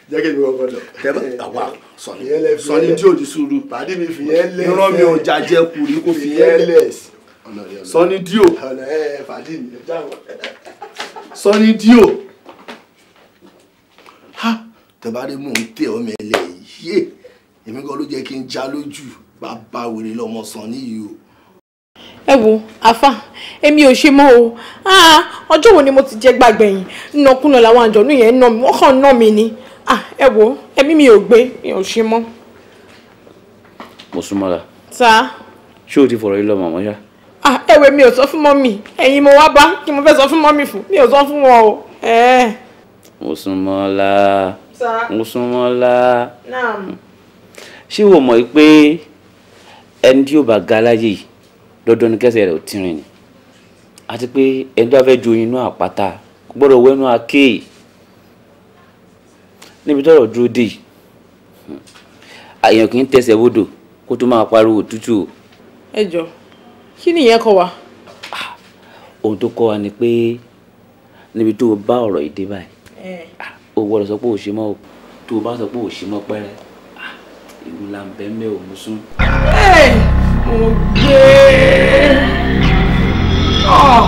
jẹ́ kí mi wọ́n gbọ́dọ̀. tẹ́lẹ̀ àwa sọ̀ni sọ̀ni tí o ti sùúrù. pàdé mi fìyẹn lẹ̀. irọ́ mi ò jàjẹ́ kùrí kò fìyẹn lẹ̀ sí sọni díò sọni díò ha tẹ̀bárí mò ń tẹ̀ ọmọ ẹlẹ́ yìí èmi gan ló jẹ́ kí n já lójú bàbá wèrè lọ́mọ sàn níyì o. ẹ wo àáfà èmi ò ṣe mọ o ọjọ́ wo ni mo ti jẹ́ gbàgbẹ̀yìn nnọkúnà làwọn àjọ̀nú yẹn nà mí wọ́n kàn nà mí ni ẹ wo ẹ̀mí mi ò gbé mi ò ṣe mọ́. mo súnmọ́ la. sa. ṣé o ti fọ̀rọ̀ yìí lọ màmá ṣá ah ẹwẹ mi ò sọ fún mọ́mì ẹ̀yin mo wá bá kí mo fẹ́ sọ fún mọ́mì fún mi ò sọ fún wọn o. mo sún mọ́ la mo sún mọ́ la ṣé o mọ̀ pé ẹni tí yóò bá ga láyé yìí dandan ni kẹsẹ̀ rẹ̀ ò tìrìn ni àti pé ẹni tó bá fẹ́ ju inú àpáta kò gbọ́dọ̀ wẹ́nu aké níbi tọ́rọ̀ dúró dé yìí àyàn tẹsẹ̀ bodò kó tó máa pariwo tútù o. ẹ jọ̀ọ́ kí nìyẹn kọ́ wa. ohun tó kọ́ wa ni pé níbi tó o bá ọ̀rọ̀ yìí dé báyìí o gbọ́dọ̀ sọ pé o o tó o bá sọ pé o ṣe mọ́ pẹ́rẹ́ ìlú la ń bẹ́ mẹ́ òun sún. mo gbé e. Ah.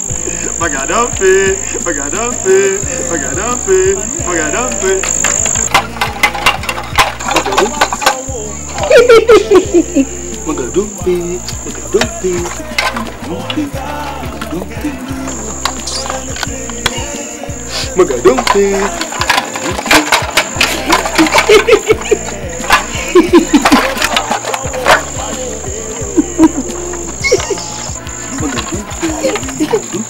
Magadampi, Magadampi, Magadampi, Magadampi. Magadampi, Magadampi, Magadampi, Magadampi. Magadampi. Mundo.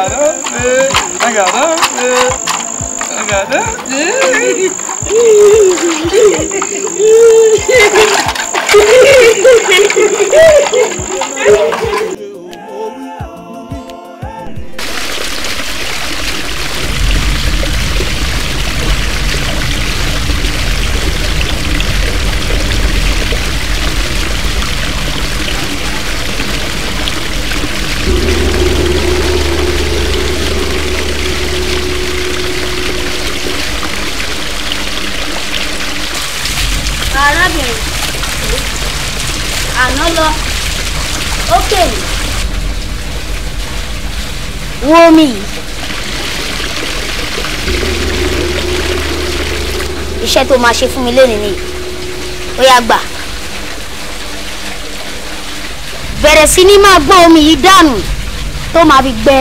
가라 네 나가라 네가라네 tó máa ṣe fún mi lónìí nìyí ó yá gbà bẹ̀rẹ̀ sí ní máa gbọ́n omi yìí dànù tó máa fi gbẹ.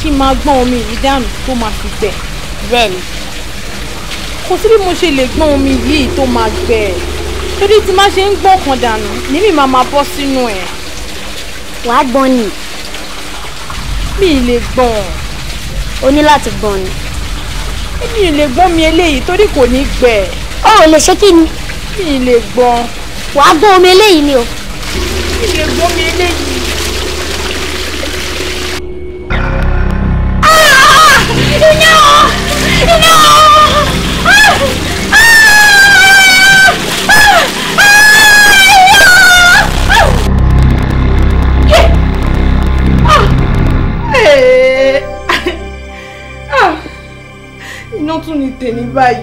kí máa gbọ́n omi yìí dànù tó máa fi gbẹ. bẹ́ẹ̀ni. kò sí bí mo ṣe lè gbọ́n omi yìí tó máa gbẹ torí tí má ṣe ń gbọ́n kan dànù níbi máa máa bọ́ sínú ẹ̀. wàá gbọ́n ni. mi ì lè gbọ́n. o ní láti gbọ́n ni mi ì lè gbọ́n mi eléyìí torí kò ní gbẹ. ó ò lè ṣe kí ni. mi ì lè gbọ́n. wàá gbọ́n omi eléyìí ni o. mi lè gbọ́n mi eléyìí. báyìí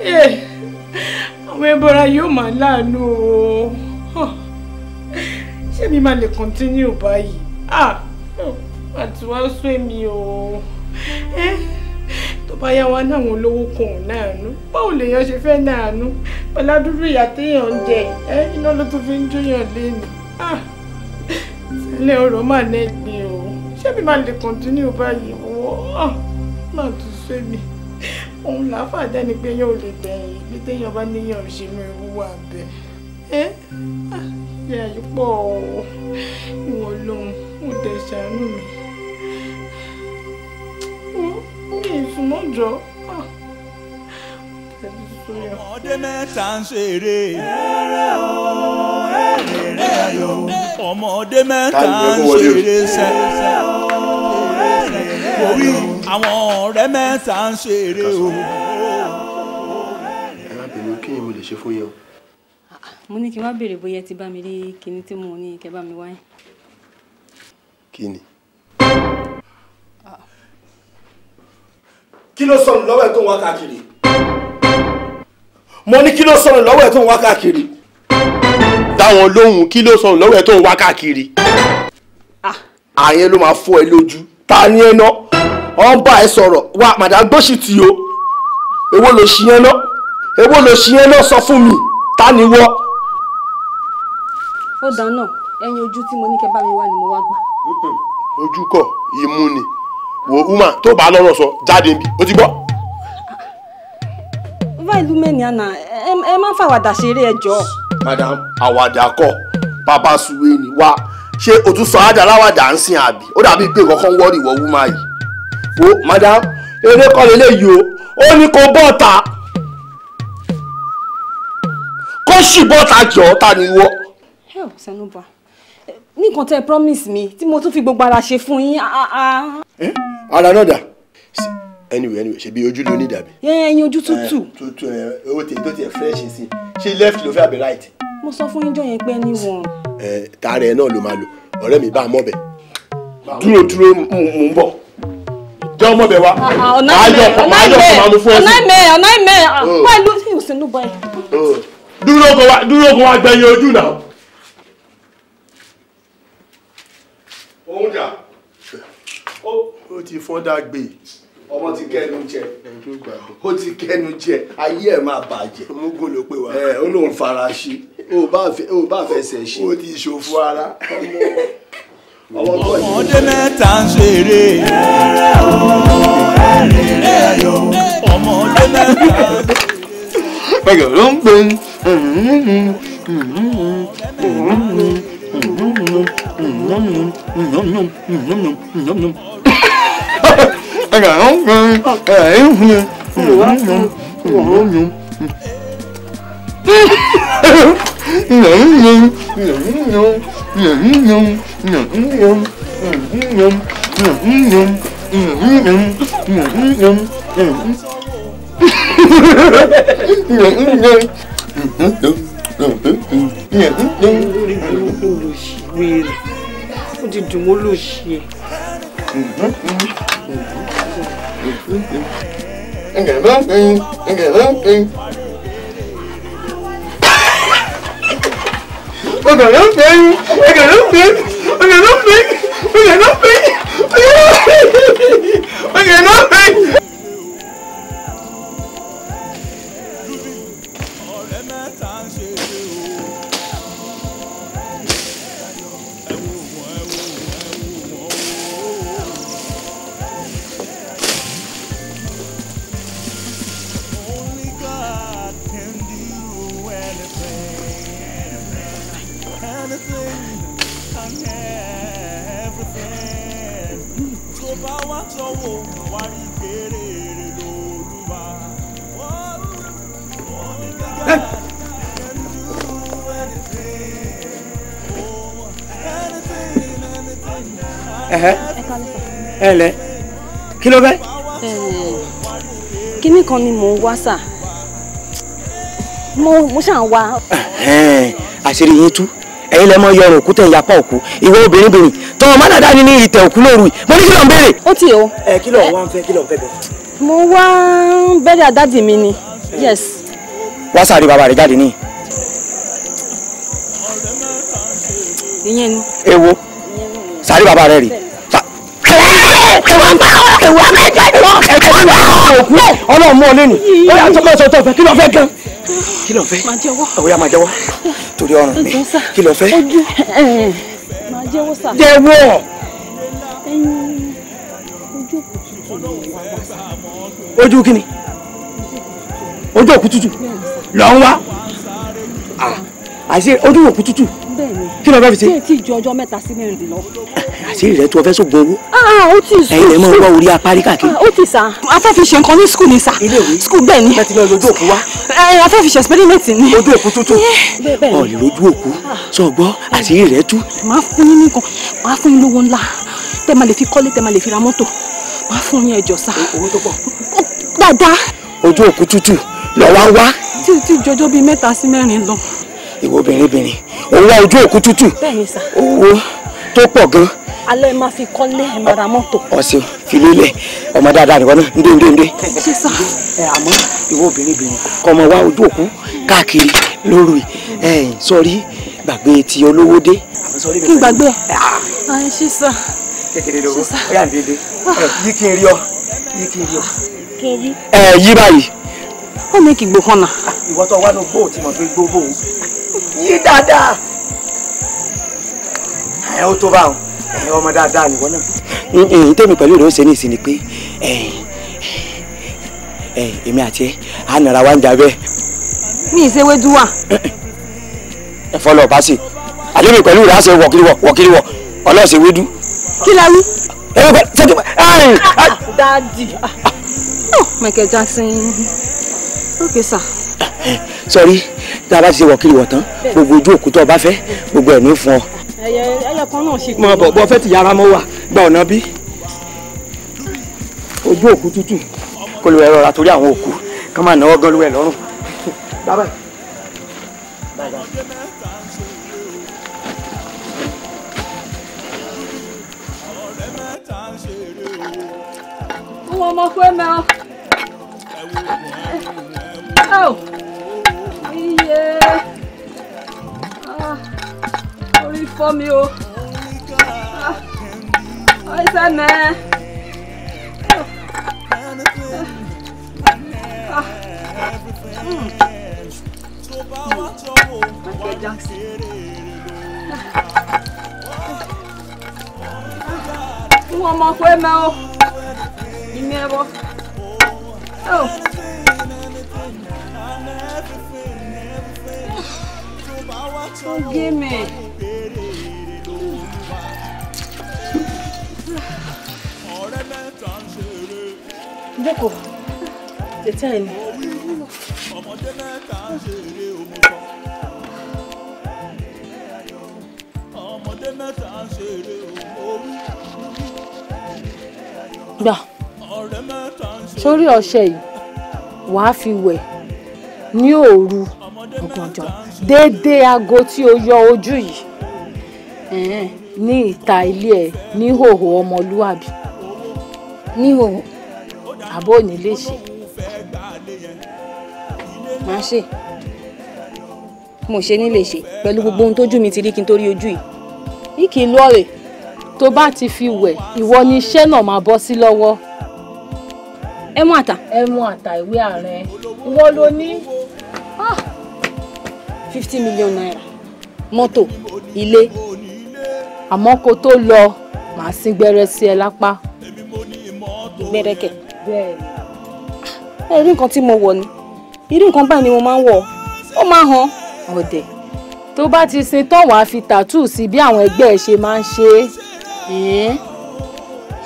eh, àwọn ẹbọra yóò máa láàánú o ṣé mi máa lè kọ́ntínú báyìí àti wá sún èmi o eh, tó bá yá wá náà wọn olówó kan ò náàánú báwo lèèyàn ṣe fẹ́ náàánú pẹ̀lú adúrú ìyá téèyàn ń jẹ eh, iná ló tún fi ń jóyàn léèní tẹ́lẹ̀ ọ̀rọ̀ mà nẹ́gbẹ̀ẹ́ o ṣé mi máa lè kọ́ntínú báyìí o òun làáfà dání pé yóò lè dẹ̀yìn bí téèyàn bá níyàn ṣe mú ewu wà bẹ́ẹ̀ ẹ́ ah, ìyá yìí pọ̀ ìwọ̀n lòun ó dẹ̀ ṣàánú mi mi ìsúnmọ́jọ́ ah, ọmọdé mẹ́ta ń ṣeré eré o eré ayọ̀ ọmọdé mẹ́ta ń ṣeré sẹ́sẹ́ mo wí àwọn ọ̀rẹ́ mẹ́ta ń ṣeré o. ẹ má bẹ̀rù kí ni mo lè ṣe fún yín o. mo ní kí n wá béèrè bóyá ti bá mi rí kinní tí mo ní kẹ́ bá mi wáyé. kí ni. kí ló sọnù lọ́wọ́ ẹ̀ tó ń wá káàkiri mo ní kí ló sọnù lọ́wọ́ ẹ̀ tó ń wá káàkiri. dáwọn lóhùn kí ló sọnù lọ́wọ́ ẹ̀ tó ń wá káàkiri. Ah. àyẹn ló máa fọ́ ẹ lójú ta ni ẹ náà ọ̀ ẹ sọ̀rọ̀ wa màdà gbóṣì tì o èwo ló ṣì yẹn lọ èwo ló ṣì yẹn lọ sọ fún mi ta ni wọ. ó dáná ẹyin ojú tí mo ní kẹ́ bá mi wá ni mo wá gbà. ojú kọ ìmú ni wò ó tó bá lọ́rọ̀ sọ jáde níbi ó ti gbọ́. báyìí lúmẹ́ni àná ẹ ń fàwàdà ṣeré ẹ jọ. madam àwàdà kọ́ bàbá suwe ni wa ṣé o tún sọ àdàláwàdà ń sìn àbí ó dàbí pé kankan wọ́ọ̀rì wọ́ọ́ wú yìí. wo madam eré kọ́ lélẹ́yìí o ó ní kó bọ́ọ̀ta kó sì bọ́ọ̀ta jọ ta ni wọ́. ẹ ò sẹ́nubà nìkan tẹ́ promise mi tí mo tún fi gbogbo ara ṣe fún yín. Ah, ah, ah. ara náà dà anyway anyway ṣe bí ojú ló ní dàbí. ẹyin ojú tútù. tútù ẹ owó tèyí tó tiẹ̀ fresh sí ṣé left ló fẹ́ àbí right. mo sọ fún yíjọ yẹn pé ní wọn. ẹ tààrẹ náà ló máa lò ọ̀rẹ́ mi bá a mọ̀ bẹ́ẹ̀ dúró dúró mò ń bọ̀ jẹ́ ọmọ bẹ̀ wá. Ah, ah, ọ̀nà ìmẹ̀ ọ̀nà ìmẹ̀ ọ̀nà ìmẹ̀ ọ̀nà ìmẹ̀ pẹ̀lú tí o sì ń bọ̀ yìí. Oh. dúró kó wá dúró kó wá gbẹ̀yìn ojú náà. òun ó ti fọ́dà gbé ọmọ ti kẹnu jẹ ó ti kẹnu jẹ ayé ẹ máa bàjẹ́. mugun ló pè wá. ó lóun fara ṣí o bá fẹsẹ̀ ṣí. ó ti ṣòfò ara. i mẹ́ta ń ṣeré ẹrẹ o ẹrẹ rẹ ayọ̀ ọmọdé nhẫn nhung nhẫn nhung nhẫn nhung nhẫn nhung nhẫn nhung nhẫn nhung nhẫn nhung nhẫn nhung nhẫn nhẫn nhung Enggak, enggak, enggak, enggak, enggak, I got nothing. I Look at I got Look at got nothing. Look at nothing. thing. Look at wá sà mo ṣáà ń wá. àṣírí yín tú ẹ̀yin lẹ mọ yọrùn òkú tẹ ń yapa òkú ìwé obìnrin bìnrin tọmọ má dàda ni ní ìtẹ òkú lóru yìí mo ní kí ló ń béèrè. ó ti o. ẹ kí ló wá ń fẹ́ kí ló ń fẹ́ bẹ. mo wá ń bẹ̀rẹ̀ àdádì mi ni yes. wá sáré bàbá rẹ jáde níyì. ìyẹn ni. èwo sáré bàbá rẹ rè. ẹ̀wọ̀n bá ẹ̀wọ̀n mẹ́jọ òkú ọlọ́run mú ọ lẹ́nu ó yà tó kọ́ sọ tó fẹ́ kí ló fẹ́ gan. kí ló fẹ́ òwe àmà jẹ́wọ́ torí ọrùn ojú kí ojú òkú tútù lọ ń wá àṣé ojú òkú tútù kí ló fẹ́ fi ṣe. tí ì ju ọjọ́ mẹ́ta sí mẹ́rin lọ. àṣírí rẹ tó o fẹ́ sóògùn owó. ó ah, ah, ti sùn ẹ̀yin lè mọ owó orí apárí káàkiri. ó ah, ti sà. a fẹ́ fi ṣe nǹkan ní skul ni sà. ilé ìwé skul bẹ́ẹ̀ ni. bẹ́ẹ̀ ti lọ lójú òkú wa. Eh, eh, a fẹ́ fi ṣe experiment ni. ojú òkú tuntun. ọ̀ lè lójú òkú sọ̀gbọ́ àṣírí rẹ tú. màá fún yín nìkan màá fún yín lówó ńlá tẹ́ máa lè fi kọ́lé tẹ́ máa lè fi ra mọ́tò màá fún yín ẹjọ́ sà. owó tó pọ̀. Oh, dáadáa. ojú òkú tútù lọ́wọ́ wá. tí ì tí ì jọjọ́ bíi mẹ́ta sí mẹ́rin lọ ìwọ obìnrinbìnrin òun wá ojú òkú tútù owó tó pọ̀ gan. alẹ́ ma fi kọ́lé ẹ̀ máa ra mọ́tò. ọ̀sẹ̀ filélẹ̀ ọmọ dáadáa nìkan náà ndé ndé ndé. ṣé sá. ẹ àmọ́ ìwọ obìnrinbìnrin kọ́ ọmọ wá ojú òkú káàkiri lórí ẹ̀ sọrí gbàgbé ti olówó dé. kí n gbàgbé ah. ẹ ṣé sá. kékeré lówó ó yà ń dédé yí kí n rí ọ yí kí n rí ọ. ẹ yí báyìí. ó ní kí gbó hàn náà. ìwọ wá ní gbó tí mo fi gbó bò ó jí dáadáa. ẹ ó tó báwọn ẹ ọmọ dáadáa nìwọ náà. ẹyìn tèmi pẹ̀lú ìró ṣe ní ìsìn ni pé èmi àti ẹ á nara wá ń jà bẹ́ẹ̀. mi ì ṣèwé dúwà. ẹ fọlọ ọba sí àdébí pẹ̀lú ìró àṣẹ wọ̀kiriwọ̀ wọ̀kiriwọ̀ ọlọ́ọ̀ṣẹ̀ wédú. kí la wí. ẹ ẹ sẹ́kẹ̀ ẹ. Ah, dáàdì ah. oh, Michael Jackson okay sir. sorry tá a bá ti ṣe wọ̀kiri wọ̀ tán gbogbo ojú òkú tó o bá fẹ́ gbogbo ẹ̀ ní fún ọ. ẹyẹ ẹyẹ kan náà ṣe. mọ bọ fẹ ti yàrá mọ wà gba ọ̀nà bí ojú òkú tútù kó lu ẹ̀rọ ra torí àwọn òkú kán máa náwó gan lu ẹ lọ́rùn. bàbá bàbá. wọ́n mọ̀ pé mẹ́ ọ. Ah, orí fọ́ mi o ọ̀sẹ̀ ah, mẹ́. Ah, Michael Jackson. Nwa ọmọ kwe mẹ́ o, ìmẹ́ ẹ̀rọ. Oh. ó gé mẹ́. jókòó tètè àìní. ọmọdé mẹ́ta ń ṣeré òmùkọ́. ọmọdé mẹ́ta gbà sórí ọṣẹ yìí wàá fi wẹ̀ ní òru ọgbọ̀njọ́ déédéé aago tí o yọ ojú yìí ní ìta ilé ẹ ní hòhò ọmọlúwàbí ní hòhò àbó ò ní lè ṣe máa ṣe mo ṣe ní lè ṣe pẹ̀lú gbogbo ohun tójú mi ti rí kí n tó rí ojú yìí ní kì í lọ́ọ̀rẹ̀ tó bá ti fi wẹ̀ ìwọ ni iṣẹ́ náà máa bọ́ sí lọ́wọ́ ẹ mú àtà. ẹ mú àtà ìwé ààrẹ ìwọ ló ní fifty million naira mọ́tò ilé àmọ́ kó tó lọ màá sín gbẹ́rẹ́ sí ẹ lápá. gbẹ́rẹ́kẹ̀. bẹ́ẹ̀ ni. ẹ rí nǹkan tí mo wọ̀ ni irú nǹkan báyìí ni mo máa ń wọ̀ ó máa hàn ọ̀dẹ̀ tó bá ti sin tán wàá fi tàtú sí bí àwọn ẹgbẹ́ ẹ ṣe máa ń ṣe é.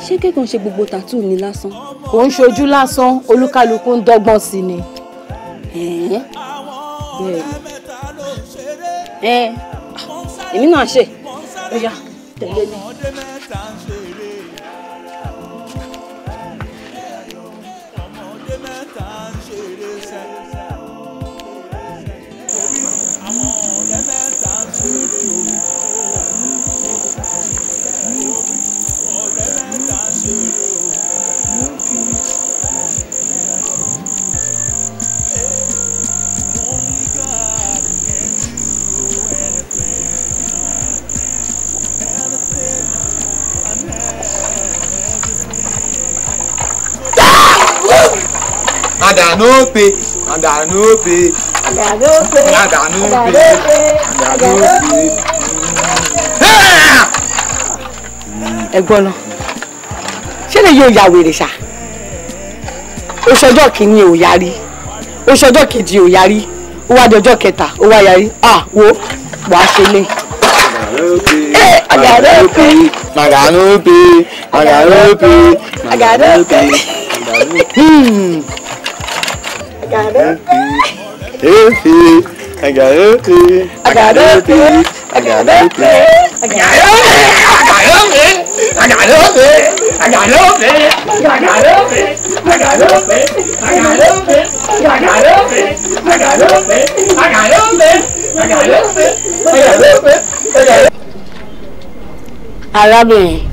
ṣé kékan ṣe gbogbo tàtú ni lásán. kò ń ṣojú lásán olúkálukú ń dọ́gbọ́n sí ni. ni ẹ eh, èmi náà ṣe ó yá tẹ̀lé mi. I no pay, and I no pay, and I no pay, and I no pay, and I no pay. Ẹ̀gbọ́n náà, ṣé lè yóò ya wèrè ṣá? Oṣù ọjọ́ kìíní ò yarí, oṣù ọjọ́ kejì ò yarí, ó wá ọjọ́ kẹta ó wá yarí, à wo wàá ṣe lé. Àgàdópe, àgàdópe, àgàdópe, àgàdópe. I I got got got Agadoke. Efi. Agadoke. Agadoke. Agadoke. Agadoke. Agadoke. Agadoke. Agadoke. Agadoke. Agadoke. Agadoke. Agadoke. Agadoke. Agadoke. Agadoke. Agadoke. Arábìnrin.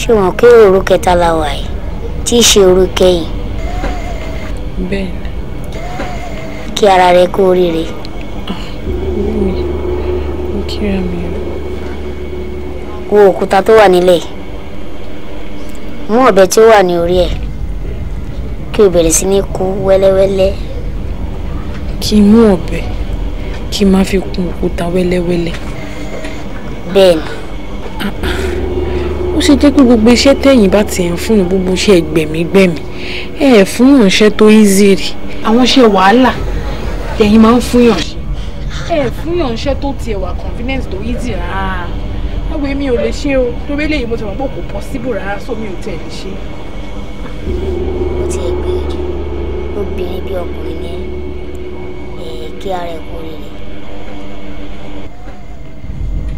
Ṣé wọn kí òru kẹta la wà yìí? Tí í ṣe òru kẹyìn bẹ́ẹ̀ kí ara rẹ kó oríire. mo kíra mi o. wo òkúta tó wà nílẹ̀ mú ọ̀bẹ tí ó wà ní orí ẹ̀ kí o bẹ̀rẹ̀ sí ní kú wẹ́lẹ́wẹ́lẹ́. kí mú ọ̀bẹ kí má fi kún òkúta wẹ́lẹ́wẹ́lẹ́. bẹ́ẹ̀ ni. Ah, ah ṣe jẹ́ pé gbogbo iṣẹ́ tẹ̀yìn bá ti ń fún gbogbo iṣẹ́ gbẹ̀mígbẹ̀mí ẹ ẹ̀ fún yàn iṣẹ́ tó easy rè àwọn iṣẹ́ wàhálà tẹ̀yìn máa ń fún yàn ẹ ẹ̀ fún yàn iṣẹ́ tó tiẹ̀ wà convenience tó easy rárá ẹ̀wọ̀ èmi ò lè ṣe o tó bẹ́ẹ̀ lèyìn mo ti mọ̀ pé kò possible rárá so mi o tẹ̀ lè ṣe. mo ti o obìnrin bí o ní kí ara ẹ̀ kó rí rẹ̀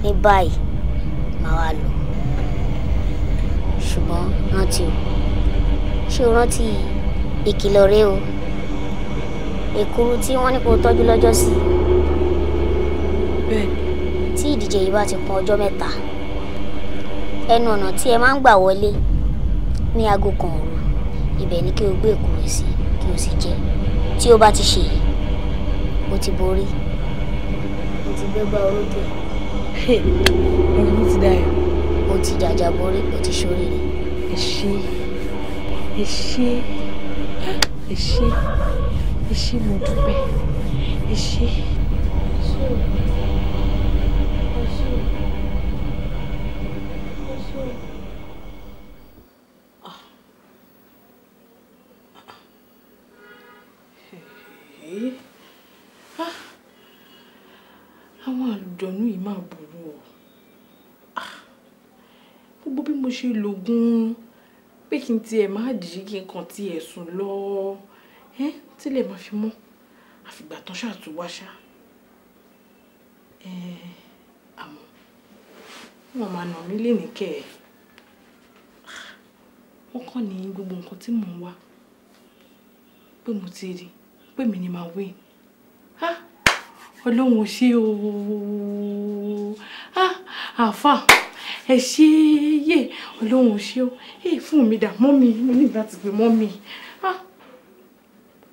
ní báyìí màá wá lọ ṣùgbọ́n rántí o ṣé o rántí ìkìlọ̀ rẹ o èkuru tí wọ́n ní kó tọ́jú lọ́jọ́ sí i. bẹ́ẹ̀ tí ìdíje yìí bá ti kún ọjọ́ mẹ́ta ẹnu ọ̀nà tí ẹ máa ń gbà wọlé ní aago kan òru ibẹ̀ ni kí o gbé èkuru sí kí o sì jẹ tí o bá ti ṣe èyí o ti borí o ti gbégbá orókè. ọ̀rọ̀ mi ti dayọ̀ o ti jàjà borí o ti ṣoríire. ẹ ṣé ẹ ṣé ẹ mo dúpẹ́ ẹ mo ṣe lògùn pé kí n tiẹ̀ má dìí kí n kàn tiẹ̀ sùn lọ ẹ́ tílẹ̀ máa fi mọ́ àfìgbà tán ṣàtúwáṣá àmọ́ wọn máa nà mí lénìí ẹ̀ wọ́n kàn ní gbogbo nǹkan tí mò ń wá pé mo ti rí pé mi ni màá wí ọlọ́run ò ṣe ooo àáfà ẹ ṣe yé ọlọ́run ṣe ó èyí fún mi dà mọ́ mi mi nígbà tí pé mọ́ mi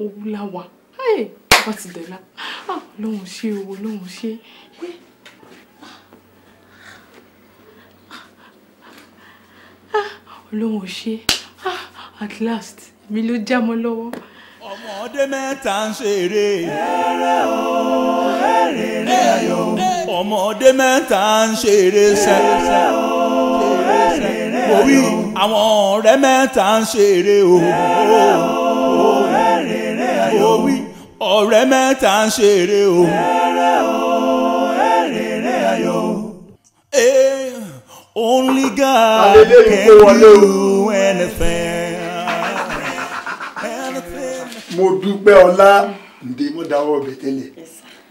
owó láwa bá ti dọ̀la ọlọ́run ṣe o ọlọ́run ṣe ọlọ́run ṣe at last mi ló já mọ́ lọ́wọ́ ọmọdé mẹ́ta ń ṣeré. eré o eré rẹ ayọ̀. ọmọdé mẹ́ta ń ṣeré sẹ́sẹ́. eré o eré rẹ ayọ̀. orí àwọn ọ̀rẹ́ mẹ́ta ń ṣeré o. eré o eré rẹ ayọ̀. orí ọ̀rẹ́ mẹ́ta ń ṣeré o. eré o eré rẹ ayọ̀. Eh, only God can do. mo dúpẹ́ ọlá ǹdè mo dáwọ́ ọbẹ̀ tẹ́lẹ̀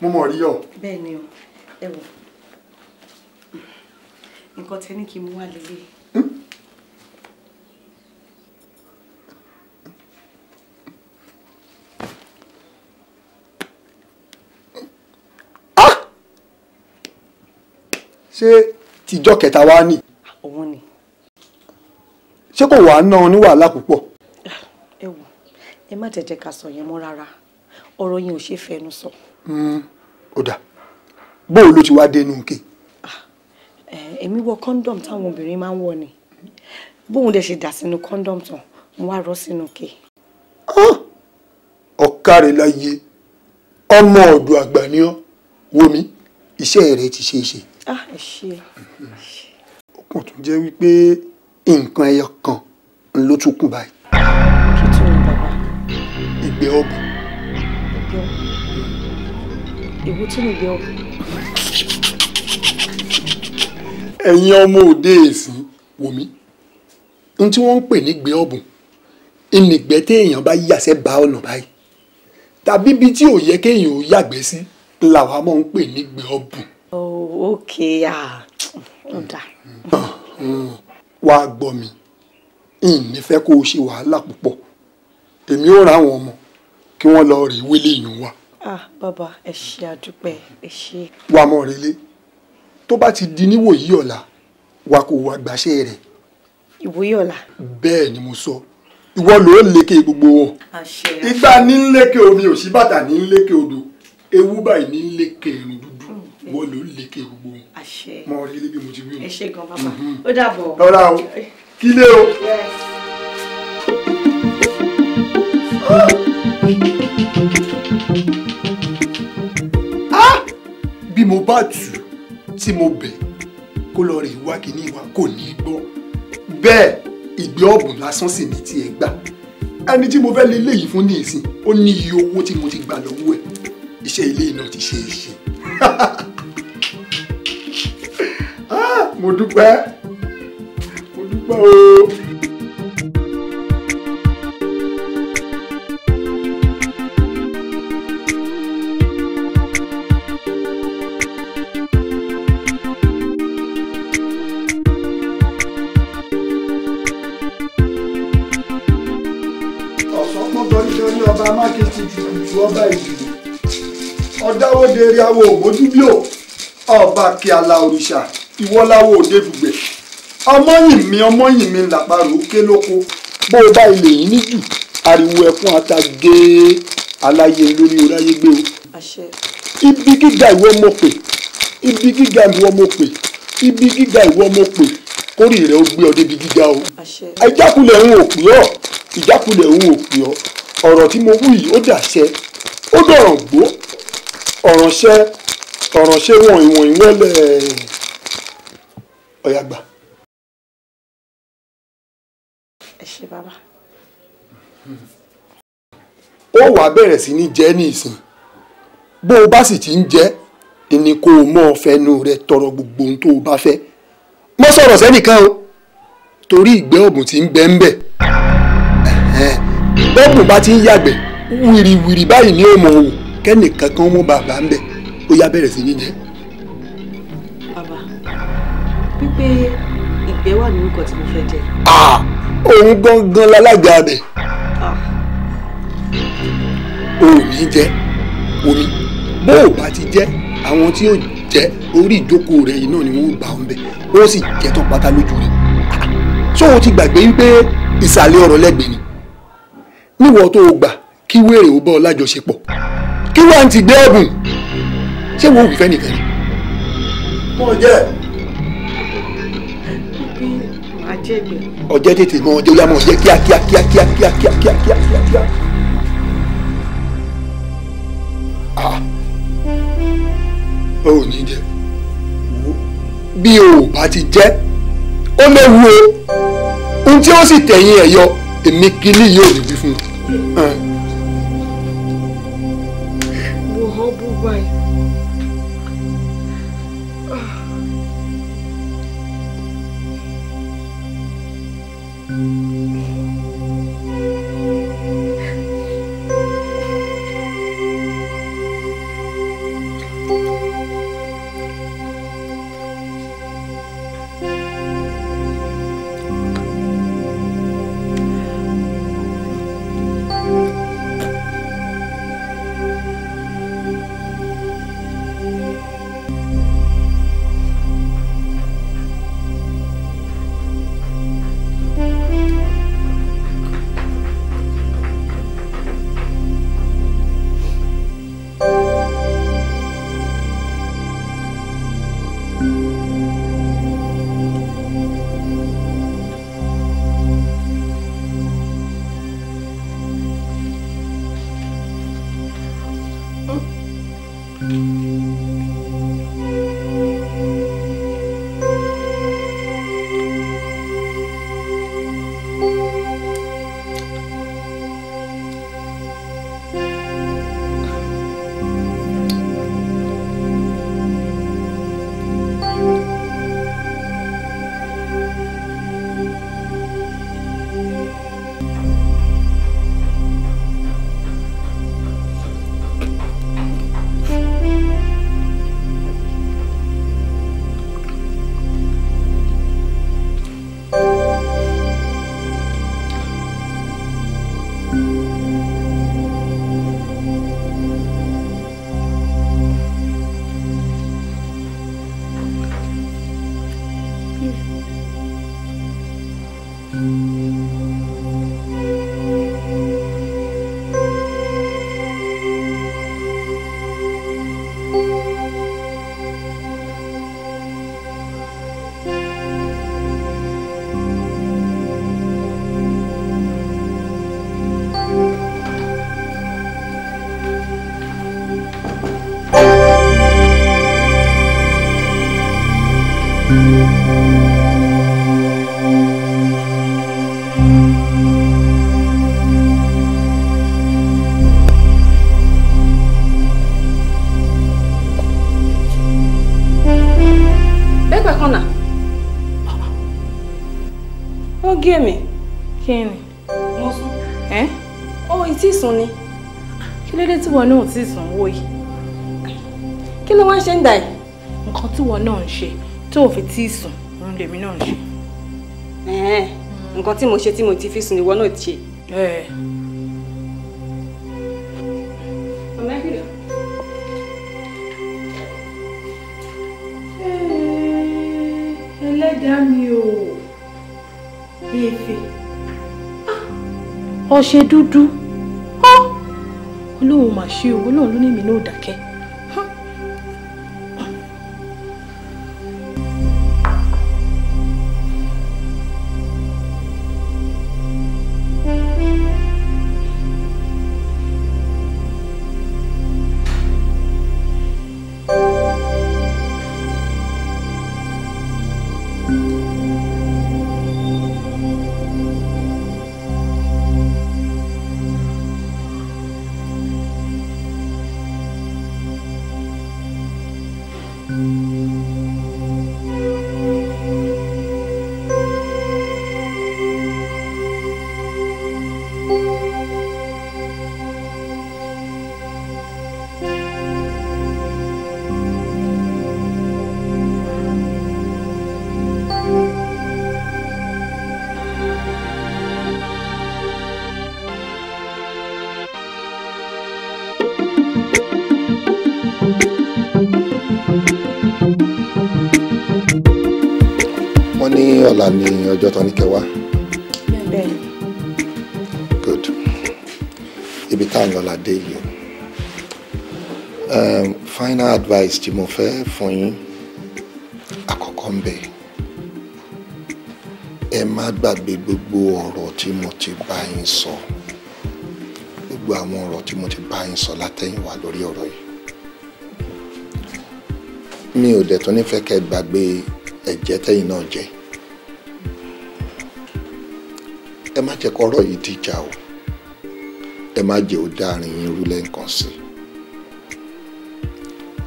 mo mọ̀ rí ọ. bẹ́ẹ̀ni o ẹ wò nǹkan tẹ ní kí n mú wá lélẹ̀. Hmm? Ah! ṣé tìjọ́ kẹta wá ní. òun ni. ṣé kò wàá ná ọ ní wàhálà púpọ̀ ẹ má tẹ̀jẹ̀ ká sọ yẹn mọ́ rárá ọ̀rọ̀ yẹn ò ṣe fẹnu sọ. Hmm, ó dà bóun ló ti wá dé inú nké. Ah, èmi wọ kọ́ńdọ̀m táwọn obìnrin máa ń wọ ni bóun dẹ̀ ṣe dà sínú kọ́ńdọ̀m tán mo wá rọ́ sínú nké. Ah, ọ̀kárẹ̀ láyé ọmọ ọ̀dọ̀ àgbà ni ọ́ wo mi iṣẹ́ rẹ̀ ti ṣe é ṣe. Ah, ó kàn tún jẹ́ wípé nǹkan ẹyọ kan ló tún kù báyìí ìgbẹ́ ọ̀bù. èwo tún ni ìgbẹ́ ọ̀bù. ẹ̀yin ọmọ òde èsì wòmí n tí wọ́n ń pè ní ìgbẹ́ ọ̀bù ìnìgbẹ́ téèyàn bá yàsẹ́ bá ọ̀nà báyìí tàbí ibi tí ò yẹ kéèyàn ò yàgbẹ́ sí làwa máa ń pè ní ìgbẹ́ ọ̀bù. Oh, ok ọ̀dà. wàá gbọ́ mi ìní fẹ́ kó o ṣe wàhálà púpọ̀ èmi ò ra àwọn ọmọ kí wọ́n lọ rí wílì yìí wá. ah bàbá ẹ ṣe àdúpẹ́ ẹ ṣe. wà á mọ̀ relé tó bá ti di níwòyí ọ̀la wa kò wá gbàṣẹ́ rẹ̀. ìwòyí ọ̀la. bẹ́ẹ̀ ni mo sọ ìwọ ló ń lékè gbogbo wọn. igbá ní ń lékè omi òṣìbàtà ní ń lékè odò ewu báyìí ní ń lékè irun dúdú mm, ìwọ ló ń lékè gbogbo wọn. mọ relé bí mo ti wí. ẹ ṣe gan bàbá mm-hmm. ó dàbọ̀. ọ̀la o kí o. Oh! bí mo bá tù tí mo bẹ̀ kó lọ rè wá kíní wa kò ní í gbọ́ bẹ́ẹ̀ ìgbé ọ̀bùn lásán sì ní tiẹ̀ gbà ẹni tí mo fẹ́ lé léyìí fún ní ìsìn ó ní iye owó tí mo ti gbà lọ́wọ́ ẹ̀ iṣẹ́ ilé náà ti ṣe é ṣe ah, mo dúpẹ́ mo dúpẹ́ o. tututu ọba ìdìbò ọ̀dáwọ́dẹ̀ẹ́rì awo ògbójúbíò ọba kíala òrìṣà ìwọ́láwọ́ òdedùgbẹ̀ ọmọyìn mi ọmọyìn mi làpárò ké lóko bó o bá ilé yìí níjù ariwo ẹkún ata gé aláyé lórí oráyé gbé o. ibi gíga ìwọ mo pè ibi gíga ìwọ mo pè ibi gíga ìwọ mo pè kórìí rẹ ó gbé ọ débi gíga o. ìjákulẹ̀ ń ò pè ọ́ ìjákulẹ̀ ń ò pè ọ́ ọ̀rọ̀ tí mo wú yìí ó dàṣẹ ó dọ̀rọ̀ gbó ìwọ̀n ìwẹ́lẹ̀ ọ̀yàgbà. ẹ ṣe bàbá. ó wàá bẹ̀rẹ̀ sí ní jẹ́ ní ìsìn o bá sì ti ń jẹ́ ni fẹnu rẹ tọrọ gbogbo ohun tó o bá fẹ́ mọ́ sọ̀rọ̀ sẹ́nìkan o torí ìgbẹ́ ti bẹ ń bọ́ọ̀bù bá ti ń yàgbẹ́ wìrìwìrì báyìí ní òmò òwò kẹ́nìkan kan mú bàbá ń bẹ̀ ó yá bẹ̀rẹ̀ sí ní jẹ. bàbá pípé ìgbẹ́ wà nínú nǹkan tí mo fẹ́ jẹ. òun gangan lálága abẹ òní jẹ omi bó o bá ti jẹ àwọn tí yóò jẹ orí ìjókòó rẹ yìí náà ni wọn ó gbà ọ ń bẹ ó sì jẹ tán pátá lójú rẹ. sọ o ti gbàgbé wípé ìsàlẹ̀ ọ̀rọ̀ lẹ́gbẹ̀ẹ́ ni níwọ̀ tó o gbà kí wèrè ó bọ́ ọ lájọṣepọ̀ kí wọ́n ti gbé ẹ̀bùn ṣé wọ́n wù fẹ́ nìkan ni. mo jẹ́ ọjẹ́ tètè mọ ọjẹ́ yá mọ ọjẹ́ kíákíá kíákíá kíákíá kíákíá kíákíá. ó ò ní jẹ bí o ò bá ti jẹ́ ó léwu o ohun tí ó sì tẹ̀yìn ẹ̀ yọ èmi kíní yóò ní bí fún un. mo hàn bú kí èmi. kí ni. mo sùn. ẹ ó ìtì sùn ni kí ló dé tí wọn náà ti sùn wò yìí kí ló wá ń ṣe ń dà yìí nǹkan tí wọn náà ń ṣe tó ò fi tí sùn òun lèmi náà ń ṣe. Hmm. nǹkan tí mo ṣe tí mo ti fi sùn ni wọn náà ti ṣe. ṣe dúdú ó olóhùn mà ṣe òun náà ló ní mi náà dákẹ́ ọjọ́ tán ní kẹwàá. good ibi tá à ń lọ dé yìí final advice tí mo fẹ́ fún yín àkọ́kọ́ ń bẹ ẹ má gbàgbé gbogbo ọ̀rọ̀ tí mo ti bá yín sọ gbogbo àwọn ọ̀rọ̀ tí mo ti bá yín sọ látẹ̀yìnwá lórí ọ̀rọ̀ yìí mi ò dẹ̀ tún nífẹ̀ẹ́ kẹ́ gbàgbé ẹ̀jẹ̀ tẹ́yìn náà jẹ́ jẹ́ kọ́rọ̀ yìí ti jà o ẹ má jẹ́ ó dá arìn yín rú lẹ́ǹkan sí i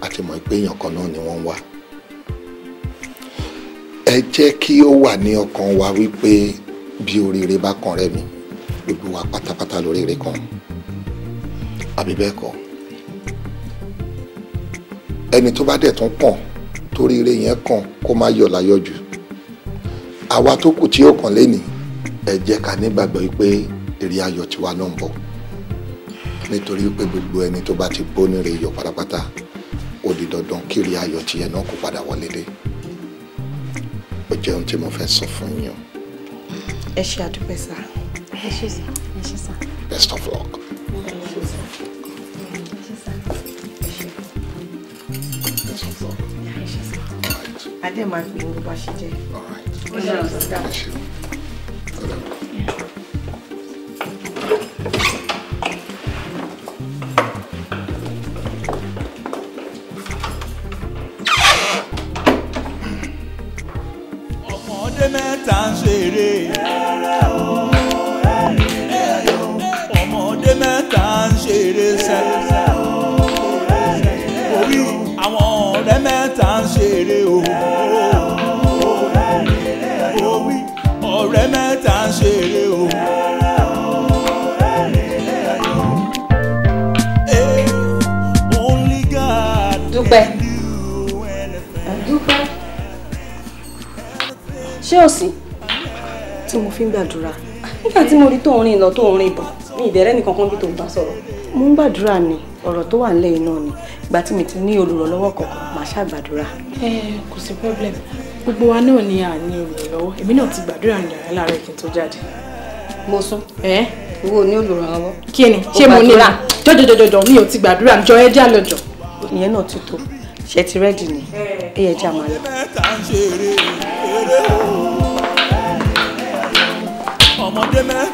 àti mọ̀ pé èèyàn kan náà ni wọ́n wá ẹ jẹ́ kí ó wà ní ọkàn wa wípé bí oríire bá kan rẹ̀ mi gbogbo wa pátápátá lóríire kan àbí bẹ́ẹ̀ kọ́ ẹni tó bá dẹ̀ tún kàn toríire yẹn kàn kó má yọ̀ láyọ̀ jù àwa tó kù tí ó kàn lénìí ẹ jẹ́ ká nígbàgbọ́ wípé èrè ayọ̀ tiwa náà ń bọ̀ nítorí wípé gbogbo ẹni tó bá ti bó nírè yọ pátápátá ó di dandan kí èrè ayọ̀ tiẹ̀ náà kó padà wọlé dé ó jẹ́ ohun tí mo fẹ́ sọ fún yín o. ẹ ṣe àdúpẹ́ sá. ẹ ṣe sá. ẹ ṣe sá. best of luck. adé máa ń pè é bó bá ṣe jẹ́. ó dára sí dáa. 山水里。ṣé òsì tí mo fi ń gbàdúrà nígbà tí mo rí tó ń rìn lọ tó ń rìn bọ̀ ní ìbẹ̀rẹ̀ nìkan kan bí tó ń bá sọ̀rọ̀ mo ń gbàdúrà ni ọ̀rọ̀ tó wà nílẹ̀ iná ni ìgbà tí mi ti ní olùrànlọ́wọ́ kankan màá ṣàgbàdúrà. ẹ kò sí problem gbogbo wa náà ni à ní olùrànlọ́wọ́ èmi náà ti gbàdúrà ní yàrá láàárọ̀ kí n tó jáde. mo sún. ẹ owó ní olùrànlọ́wọ́. kí ni ṣé mo ní ra jọjọjọjọ mi ò ti gbàdúrà jọ ẹ já lọjọ. ìyẹn náà ti tó ṣe ti rẹ́dì ni ẹ yẹ já máa lọ. ọmọdé mẹ́.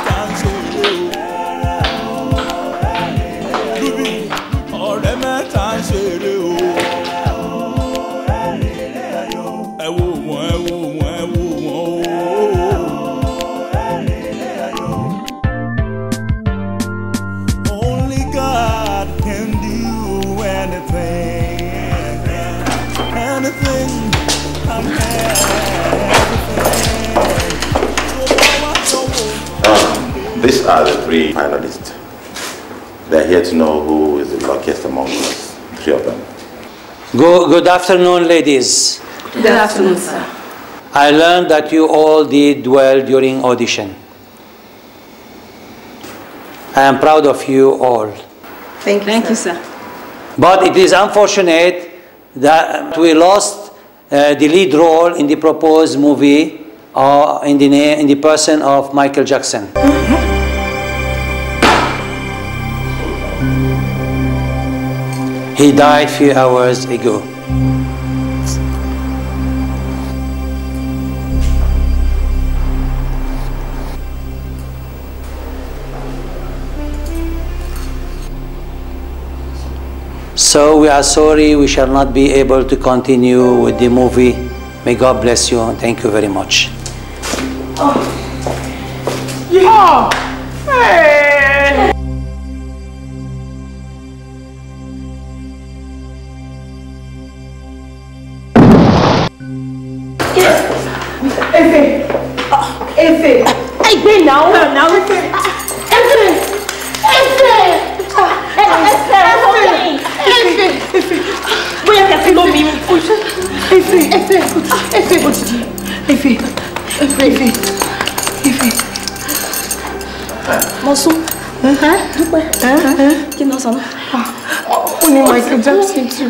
are the three finalists. They're here to know who is the luckiest among us, three of them. Go, good afternoon, ladies. Good afternoon, sir. I learned that you all did well during audition. I am proud of you all. Thank you, Thank sir. you sir. But it is unfortunate that we lost uh, the lead role in the proposed movie uh, in, the in the person of Michael Jackson. Mm-hmm. He died few hours ago. So we are sorry we shall not be able to continue with the movie. May God bless you. Thank you very much. Oh. Yeah. Hey. Efe. Efe. Ẹgbẹ́ náà. Ẹgbẹ́ náà. Efe. Efe. Efe. Efe. Efe. Efe. Bóyá kẹ̀kẹ́ ló mi. Efe. Efe. Efe. efe efe efe Efe. Efe. Efe. Efe. Mọ̀sún. Dúpẹ́. Kí ni ọ̀sán náà? Ó ní Michael Jackson too.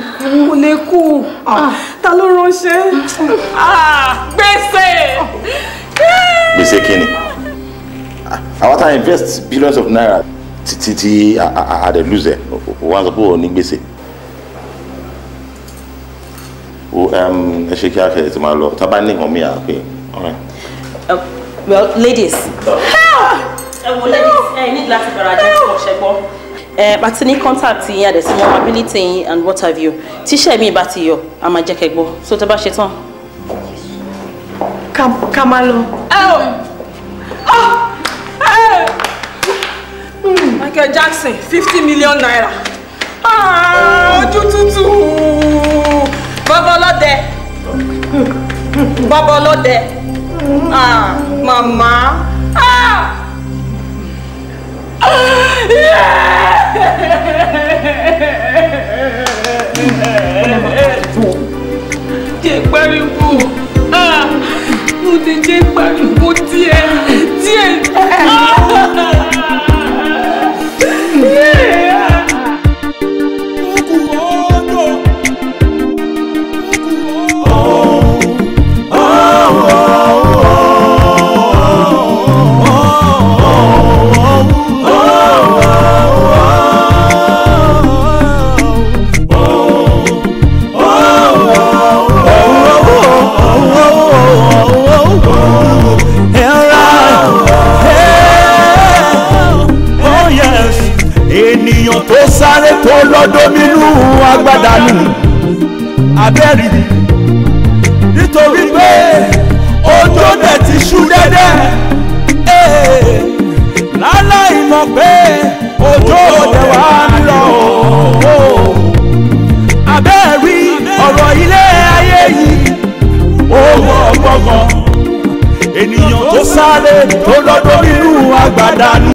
Kò lè kú. Ah ta ló ránṣẹ́ ah, gbèsè. gbèsè kí ni àwa tá invest billions of naira títí tí a dẹ̀ lose ẹ̀ wọ́n sọ pé ò ní gbèsè ẹ ṣe kí akẹ́kẹ́ ti máa lọ tá a bá ní ìwọ̀n mi à well ladies. ẹ wo ladies ẹ ní láti bẹ̀rẹ̀ ajé ọ̀ṣẹ́gbọ́n bá ti ní contact yín àdẹ̀símọ́ ability yín and what have you tíṣẹ́ mi bá ti yọ a máa jẹ́ kẹ́ so tó bá ṣe tán. ká máa lọ. Ah! Ah! Michael Jackson fifty million naira ah, ojú tútù bàbá ọlọ́dẹ bàbá ọlọ́dẹ mama. Ah! jẹ́ ah! pariwo mo ti jẹ́ pariwo díẹ̀ díẹ̀. Ah! tó lọ́dọ́mi inú agbada nù abẹ́rì nítorí pé ojú ọ̀dẹ ti ṣú dẹ́dẹ́ láláì mọ̀ pé ojú ọ̀dẹ wà ń lọ abẹ́rì ọ̀rọ̀ ilé ayé yìí owó ọgbọ́gbọ́n ènìyàn tó sáré tó lọ́dọ́mi agbada nù.